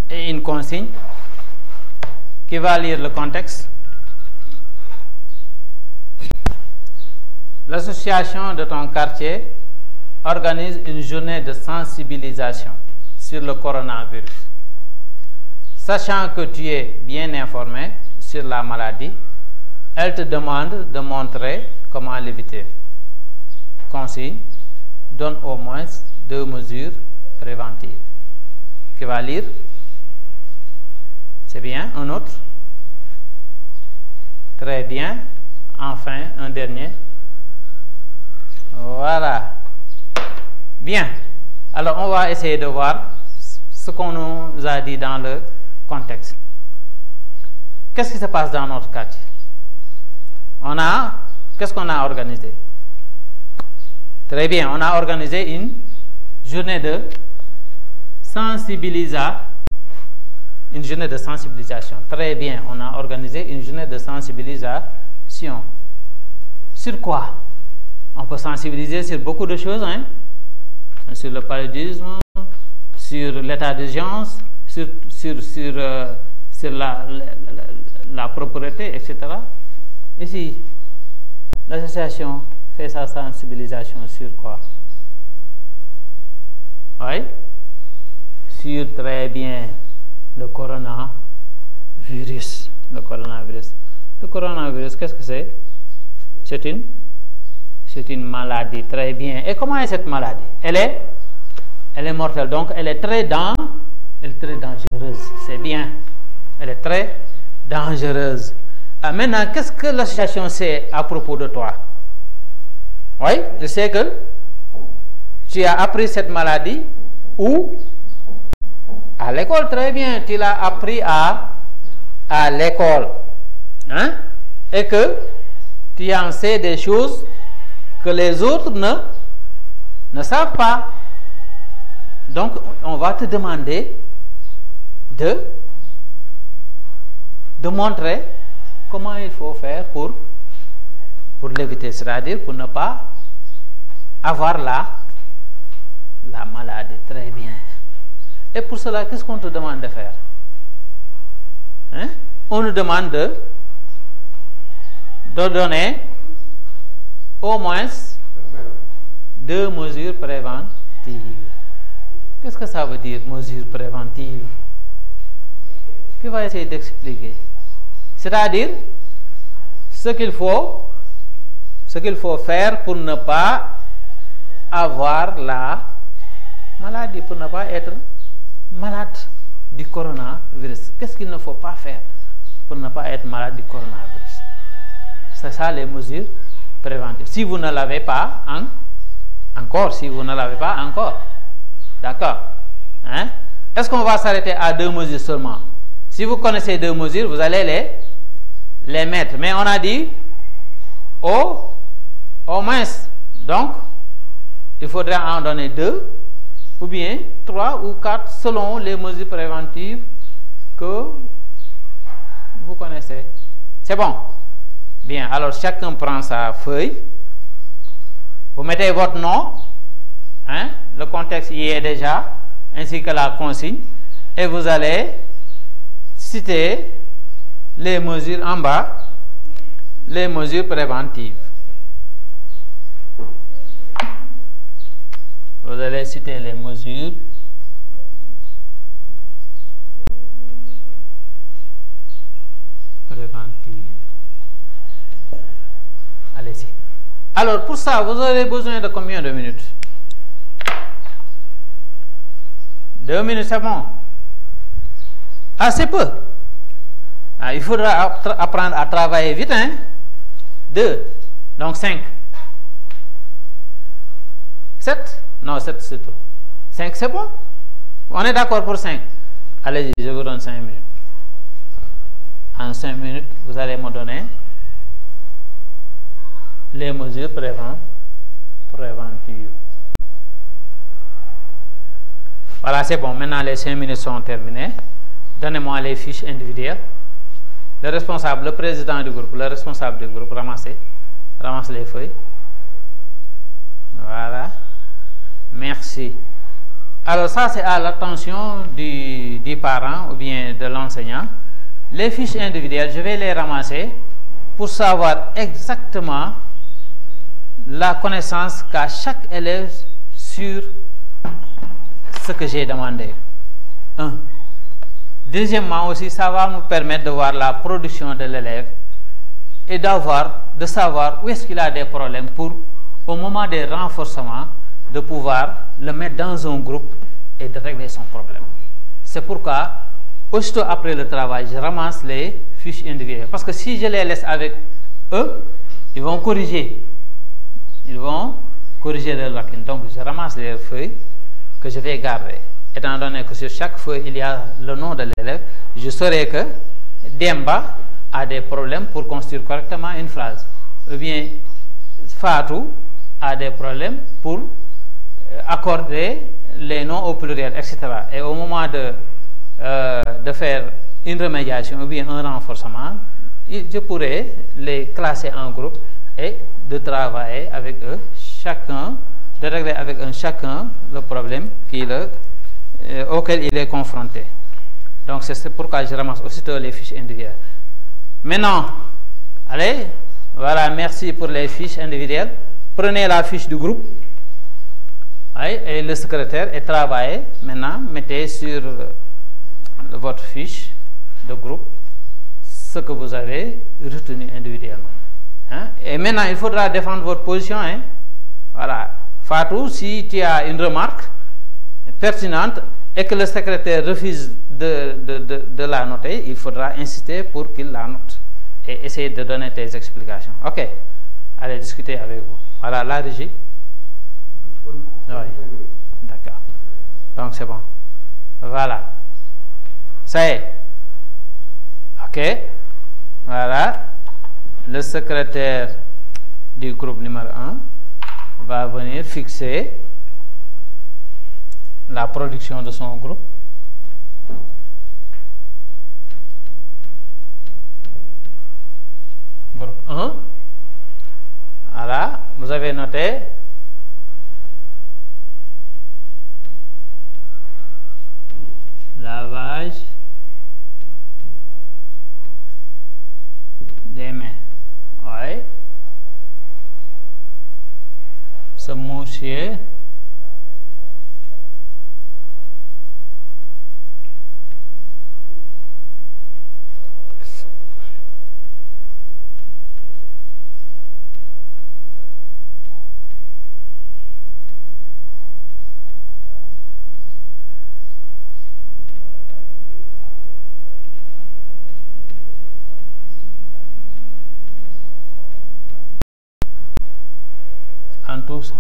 et une consigne qui va lire le contexte. L'association de ton quartier organise une journée de sensibilisation sur le coronavirus. Sachant que tu es bien informé sur la maladie, elle te demande de montrer comment l'éviter. Consigne, donne au moins deux mesures préventive qui va lire. C'est bien. Un autre. Très bien. Enfin, un dernier. Voilà. Bien. Alors, on va essayer de voir ce qu'on nous a dit dans le contexte. Qu'est-ce qui se passe dans notre quartier On a... Qu'est-ce qu'on a organisé Très bien, on a organisé une journée de sensibilisa, une journée de sensibilisation. Très bien, on a organisé une journée de sensibilisation. Sur quoi On peut sensibiliser sur beaucoup de choses, hein? sur le paludisme, sur l'état d'urgence, sur, sur, sur, euh, la, la propriété, etc. Ici, l'association fait sa sensibilisation sur quoi Oui sur très bien le coronavirus. Le coronavirus. Le coronavirus, qu'est-ce que c'est C'est une, c'est une maladie, très bien. Et comment est cette maladie Elle est, elle est mortelle, donc elle est très, elle est très dangereuse. C'est bien. Elle est très dangereuse. Ah, maintenant, qu'est-ce que l'association sait à propos de toi Oui, je sais que tu as appris cette maladie ou à l'école, très bien, tu l'as appris à, à l'école. Hein? Et que tu en sais des choses que les autres ne, ne savent pas. Donc, on va te demander de, de montrer comment il faut faire pour, pour l'éviter, c'est-à-dire pour ne pas avoir la, la maladie. Très et pour cela, qu'est-ce qu'on te demande de faire hein? On nous demande de, donner au moins deux mesures préventives. Qu'est-ce que ça veut dire, mesures préventives Qui va essayer d'expliquer C'est-à-dire, ce qu'il faut, ce qu'il faut faire pour ne pas avoir la maladie, pour ne pas être malade du coronavirus. Qu'est-ce qu'il ne faut pas faire pour ne pas être malade du coronavirus C'est ça les mesures préventives. Si vous ne l'avez pas hein, encore, si vous ne l'avez pas encore, d'accord hein? Est-ce qu'on va s'arrêter à deux mesures seulement Si vous connaissez deux mesures, vous allez les, les mettre. Mais on a dit au, au moins. Donc, il faudrait en donner deux ou bien trois ou quatre selon les mesures préventives que vous connaissez. C'est bon Bien, alors chacun prend sa feuille. Vous mettez votre nom, hein? le contexte y est déjà, ainsi que la consigne, et vous allez citer les mesures en bas, les mesures préventives. Vous allez citer les mesures. préventives. Allez-y. Alors, pour ça, vous aurez besoin de combien de minutes Deux minutes, c'est bon. Assez peu. Ah, il faudra apprendre à travailler vite, hein? Deux. Donc, cinq. Sept. Non, c'est trop. 5, c'est bon On est d'accord pour 5 Allez-y, je vous donne 5 minutes. En 5 minutes, vous allez me donner les mesures préventives. Voilà, c'est bon. Maintenant, les 5 minutes sont terminées. Donnez-moi les fiches individuelles. Le responsable, le président du groupe, le responsable du groupe, ramassez, ramasse les feuilles. Voilà. Merci. Alors ça, c'est à l'attention du, parents parent ou bien de l'enseignant. Les fiches individuelles, je vais les ramasser pour savoir exactement la connaissance qu'a chaque élève sur ce que j'ai demandé. Un. Deuxièmement aussi, ça va nous permettre de voir la production de l'élève et d'avoir, de savoir où est-ce qu'il a des problèmes pour, au moment des renforcements, de pouvoir le mettre dans un groupe et de régler son problème. C'est pourquoi, aussitôt après le travail, je ramasse les fiches individuelles. Parce que si je les laisse avec eux, ils vont corriger. Ils vont corriger leurs lacunes. Donc, je ramasse les feuilles que je vais garder. Étant donné que sur chaque feuille, il y a le nom de l'élève, je saurais que Demba a des problèmes pour construire correctement une phrase. Ou bien, Fatou a des problèmes pour euh, accorder les noms au pluriel, etc. Et au moment de, euh, de faire une remédiation ou bien un renforcement, je pourrais les classer en groupe et de travailler avec eux, chacun, de régler avec un chacun le problème euh, auquel il est confronté. Donc c'est pourquoi je ramasse aussitôt les fiches individuelles. Maintenant, allez, voilà, merci pour les fiches individuelles. Prenez la fiche du groupe et le secrétaire est travaillé. Maintenant, mettez sur euh, votre fiche de groupe ce que vous avez retenu individuellement. Hein. Et maintenant, il faudra défendre votre position. Hein. Voilà. Fatou, si tu as une remarque pertinente et que le secrétaire refuse de, de la noter, il faudra insister pour qu'il la note et essayer de donner tes explications. Ok, allez discuter avec vous. Voilà la régie. Oui. D'accord. Donc c'est bon. Voilà. Ça est. OK. Voilà. Le secrétaire du groupe numéro 1 va venir fixer la production de son groupe. Groupe 1. Voilà, vous avez noté लावाज दे में आए समूह से dosa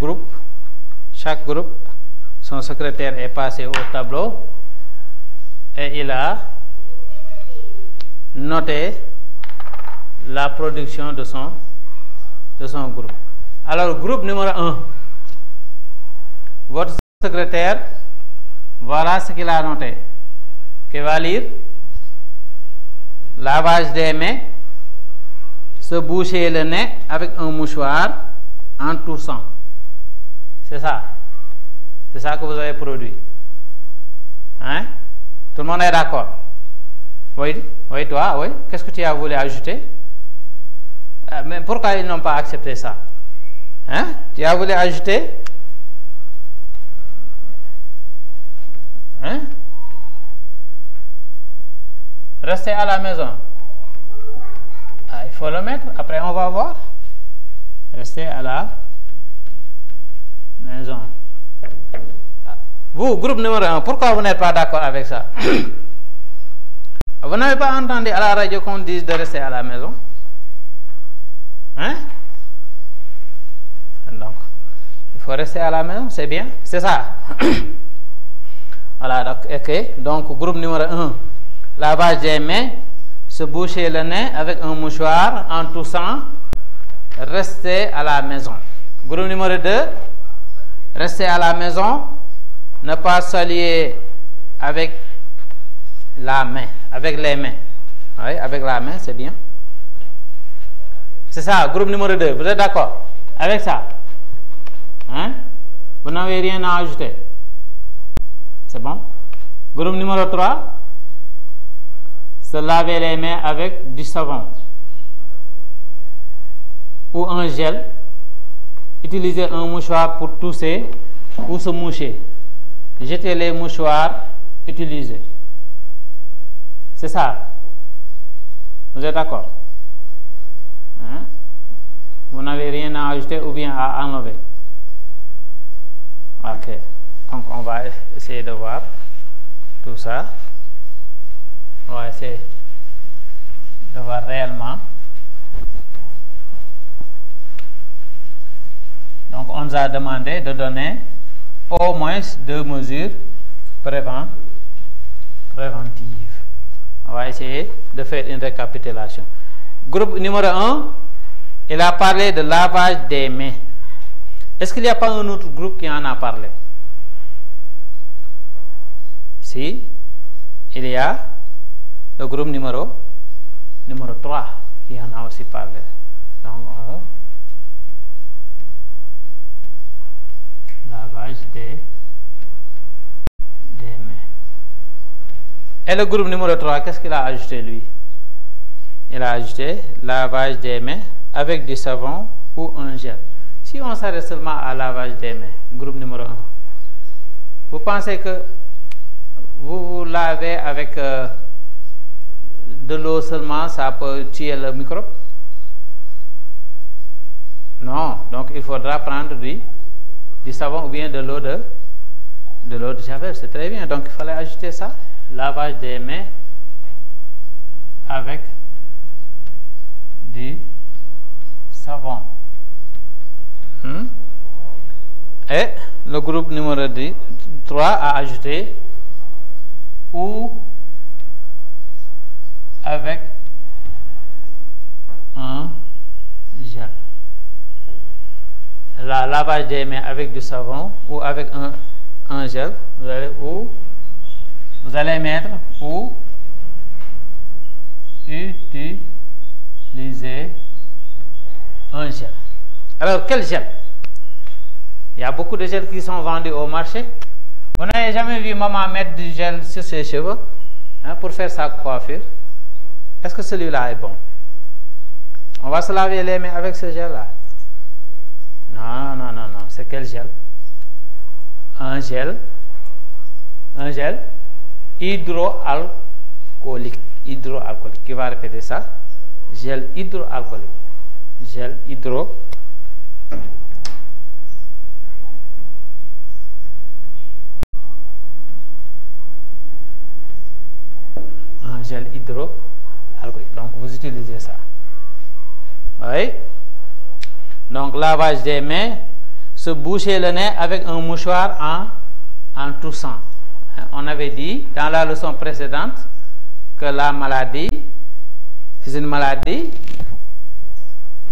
groupe, chaque groupe, son secrétaire est passé au tableau et il a noté la production de son, de son groupe. Alors, groupe numéro 1, votre secrétaire, voilà ce qu'il a noté. Qui va lire Lavage des mains, se boucher le nez avec un mouchoir en toussant. C'est ça. C'est ça que vous avez produit. Hein? Tout le monde est d'accord. Oui, oui, toi, oui. Qu'est-ce que tu as voulu ajouter? Euh, mais pourquoi ils n'ont pas accepté ça? Hein? Tu as voulu ajouter? Hein? Restez à la maison. Ah, il faut le mettre. Après, on va voir. Restez à la maison. Ah, vous, groupe numéro 1, pourquoi vous n'êtes pas d'accord avec ça Vous n'avez pas entendu à la radio qu'on dise de rester à la maison Hein Donc, il faut rester à la maison, c'est bien, c'est ça. voilà, donc, ok donc, groupe numéro 1, lavage des mains, se boucher le nez avec un mouchoir en toussant, rester à la maison. Groupe numéro 2, rester à la maison, ne pas s'allier avec la main, avec les mains. Oui, avec la main, c'est bien. C'est ça, groupe numéro 2. Vous êtes d'accord avec ça hein? Vous n'avez rien à ajouter. C'est bon Groupe numéro 3. Se laver les mains avec du savon ou un gel Utiliser un mouchoir pour tousser ou se moucher. Jetez les mouchoirs utilisés. C'est ça. Vous êtes d'accord hein? Vous n'avez rien à ajouter ou bien à enlever. Ok. Donc on va essayer de voir tout ça. On va essayer de voir réellement. Donc, on nous a demandé de donner au moins deux mesures préventives. On va essayer de faire une récapitulation. Groupe numéro 1, il a parlé de lavage des mains. Est-ce qu'il n'y a pas un autre groupe qui en a parlé Si, il y a le groupe numéro, numéro 3 qui en a aussi parlé. Donc, des, mains. Et le groupe numéro 3, qu'est-ce qu'il a ajouté lui Il a ajouté lavage des mains avec du savon ou un gel. Si on s'arrête seulement à lavage des mains, groupe numéro 1, vous pensez que vous vous lavez avec euh, de l'eau seulement, ça peut tuer le microbe Non, donc il faudra prendre du du savon ou bien de l'eau de, l'eau de Javel. C'est très bien. Donc il fallait ajouter ça. Lavage des mains avec du savon. Hmm? Et le groupe numéro 3 a ajouté ou avec un gel la lavage des mains avec du savon ou avec un, un gel, vous allez, ou, vous allez mettre ou utiliser un gel. Alors, quel gel Il y a beaucoup de gels qui sont vendus au marché. Vous n'avez jamais vu maman mettre du gel sur ses cheveux hein, pour faire sa coiffure. Est-ce que celui-là est bon On va se laver les mains avec ce gel-là. Non, non, non, non. C'est quel gel Un gel. Un gel hydroalcoolique. Hydroalcoolique. Qui va répéter ça Gel hydroalcoolique. Gel hydro. Un gel hydroalcoolique. Donc vous utilisez ça. Oui donc lavage des mains, se boucher le nez avec un mouchoir en, en toussant. Hein, on avait dit dans la leçon précédente que la maladie, c'est une maladie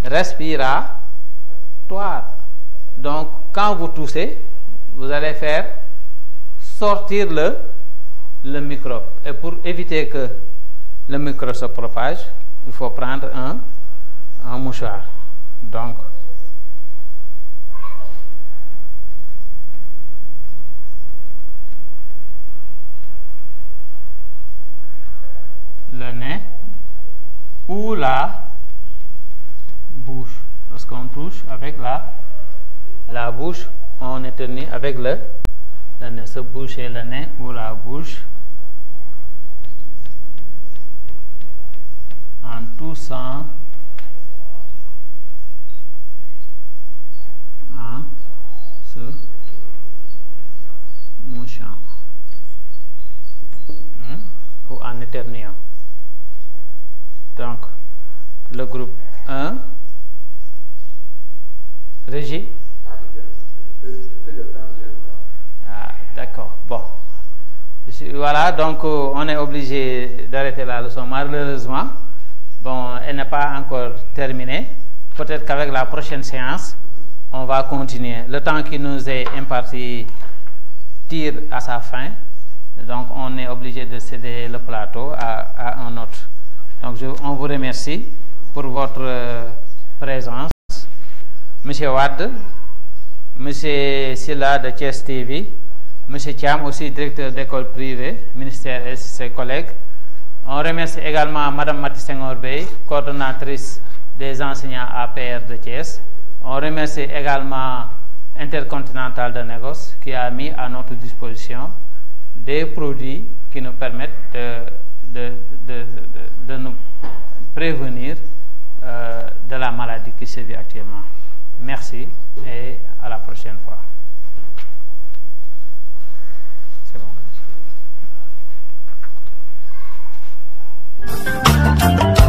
respiratoire. Donc quand vous toussez, vous allez faire sortir le, le microbe. Et pour éviter que le microbe se propage, il faut prendre un, un mouchoir. Donc, le nez ou la bouche. Lorsqu'on touche avec la, la bouche, on éternue avec le, le nez. Se boucher le nez ou la bouche en toussant. En se mouchant hmm, ou en éternuant donc le groupe 1 hein? Régie ah, D'accord, bon. Voilà, donc euh, on est obligé d'arrêter la leçon. Malheureusement, bon, elle n'est pas encore terminée. Peut-être qu'avec la prochaine séance, on va continuer. Le temps qui nous est imparti tire à sa fin. Donc on est obligé de céder le plateau à un autre. Donc on vous remercie pour votre euh, présence. Monsieur Ward, Monsieur Silla de Chess TV, Monsieur Thiam, aussi directeur d'école privée, ministère et ses collègues. On remercie également Madame Matisse Orbey, coordonnatrice des enseignants APR de Thiès. On remercie également Intercontinental de Négos qui a mis à notre disposition des produits qui nous permettent de de, de, de, de nous prévenir euh, de la maladie qui se vit actuellement. Merci et à la prochaine fois. C'est bon.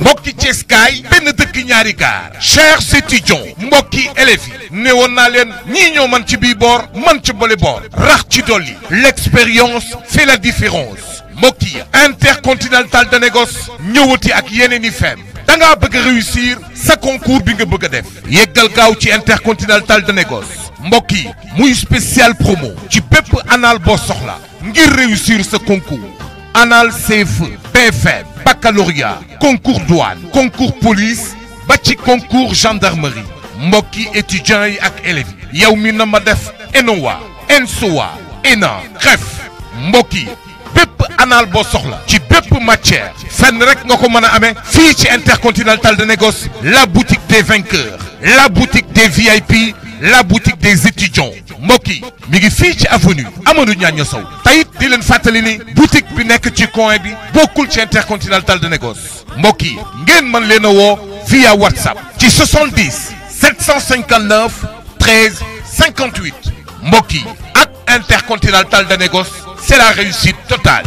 mbokki Ceeskaay benn dëkk ñaari gaar chers étudiants mbokki élèves yi ne woon naa leen ñii ñoo man ci biir boor man ci bële boor rax ci dolli l'expérience fait la différence mbokk yi intercontinental de négoce ñëwati ak yeneen i feem da ngaa bëgg réussir sa concours bi nga bëgg a def yeggal gaaw ci intercontinental de négoce mbokk yi muy spécial promo ci bépp anal boo soxla ngir réussir sa concours anal CFEE BFEM baccalauréat concours douane concours police ba ci concours gendarmerie mbokki étudiants yi ak élèves yi yow mi na ma def ENOA ENSOA ENA CREF mbokki bépp anal boo soxla ci bépp matière fenn rek nga ko mën a amee fii ci intercontinental de négoce la boutique des vainqueurs la boutique des VIP la boutique des étudiants MOKI. migifichi avenue Amadou Niang Sow tayit boutique bi nek beaucoup coin intercontinental de négoce MOKI. yi Man via WhatsApp ci 70 759 13 58 MOKI. ak intercontinental de négoce c'est la réussite totale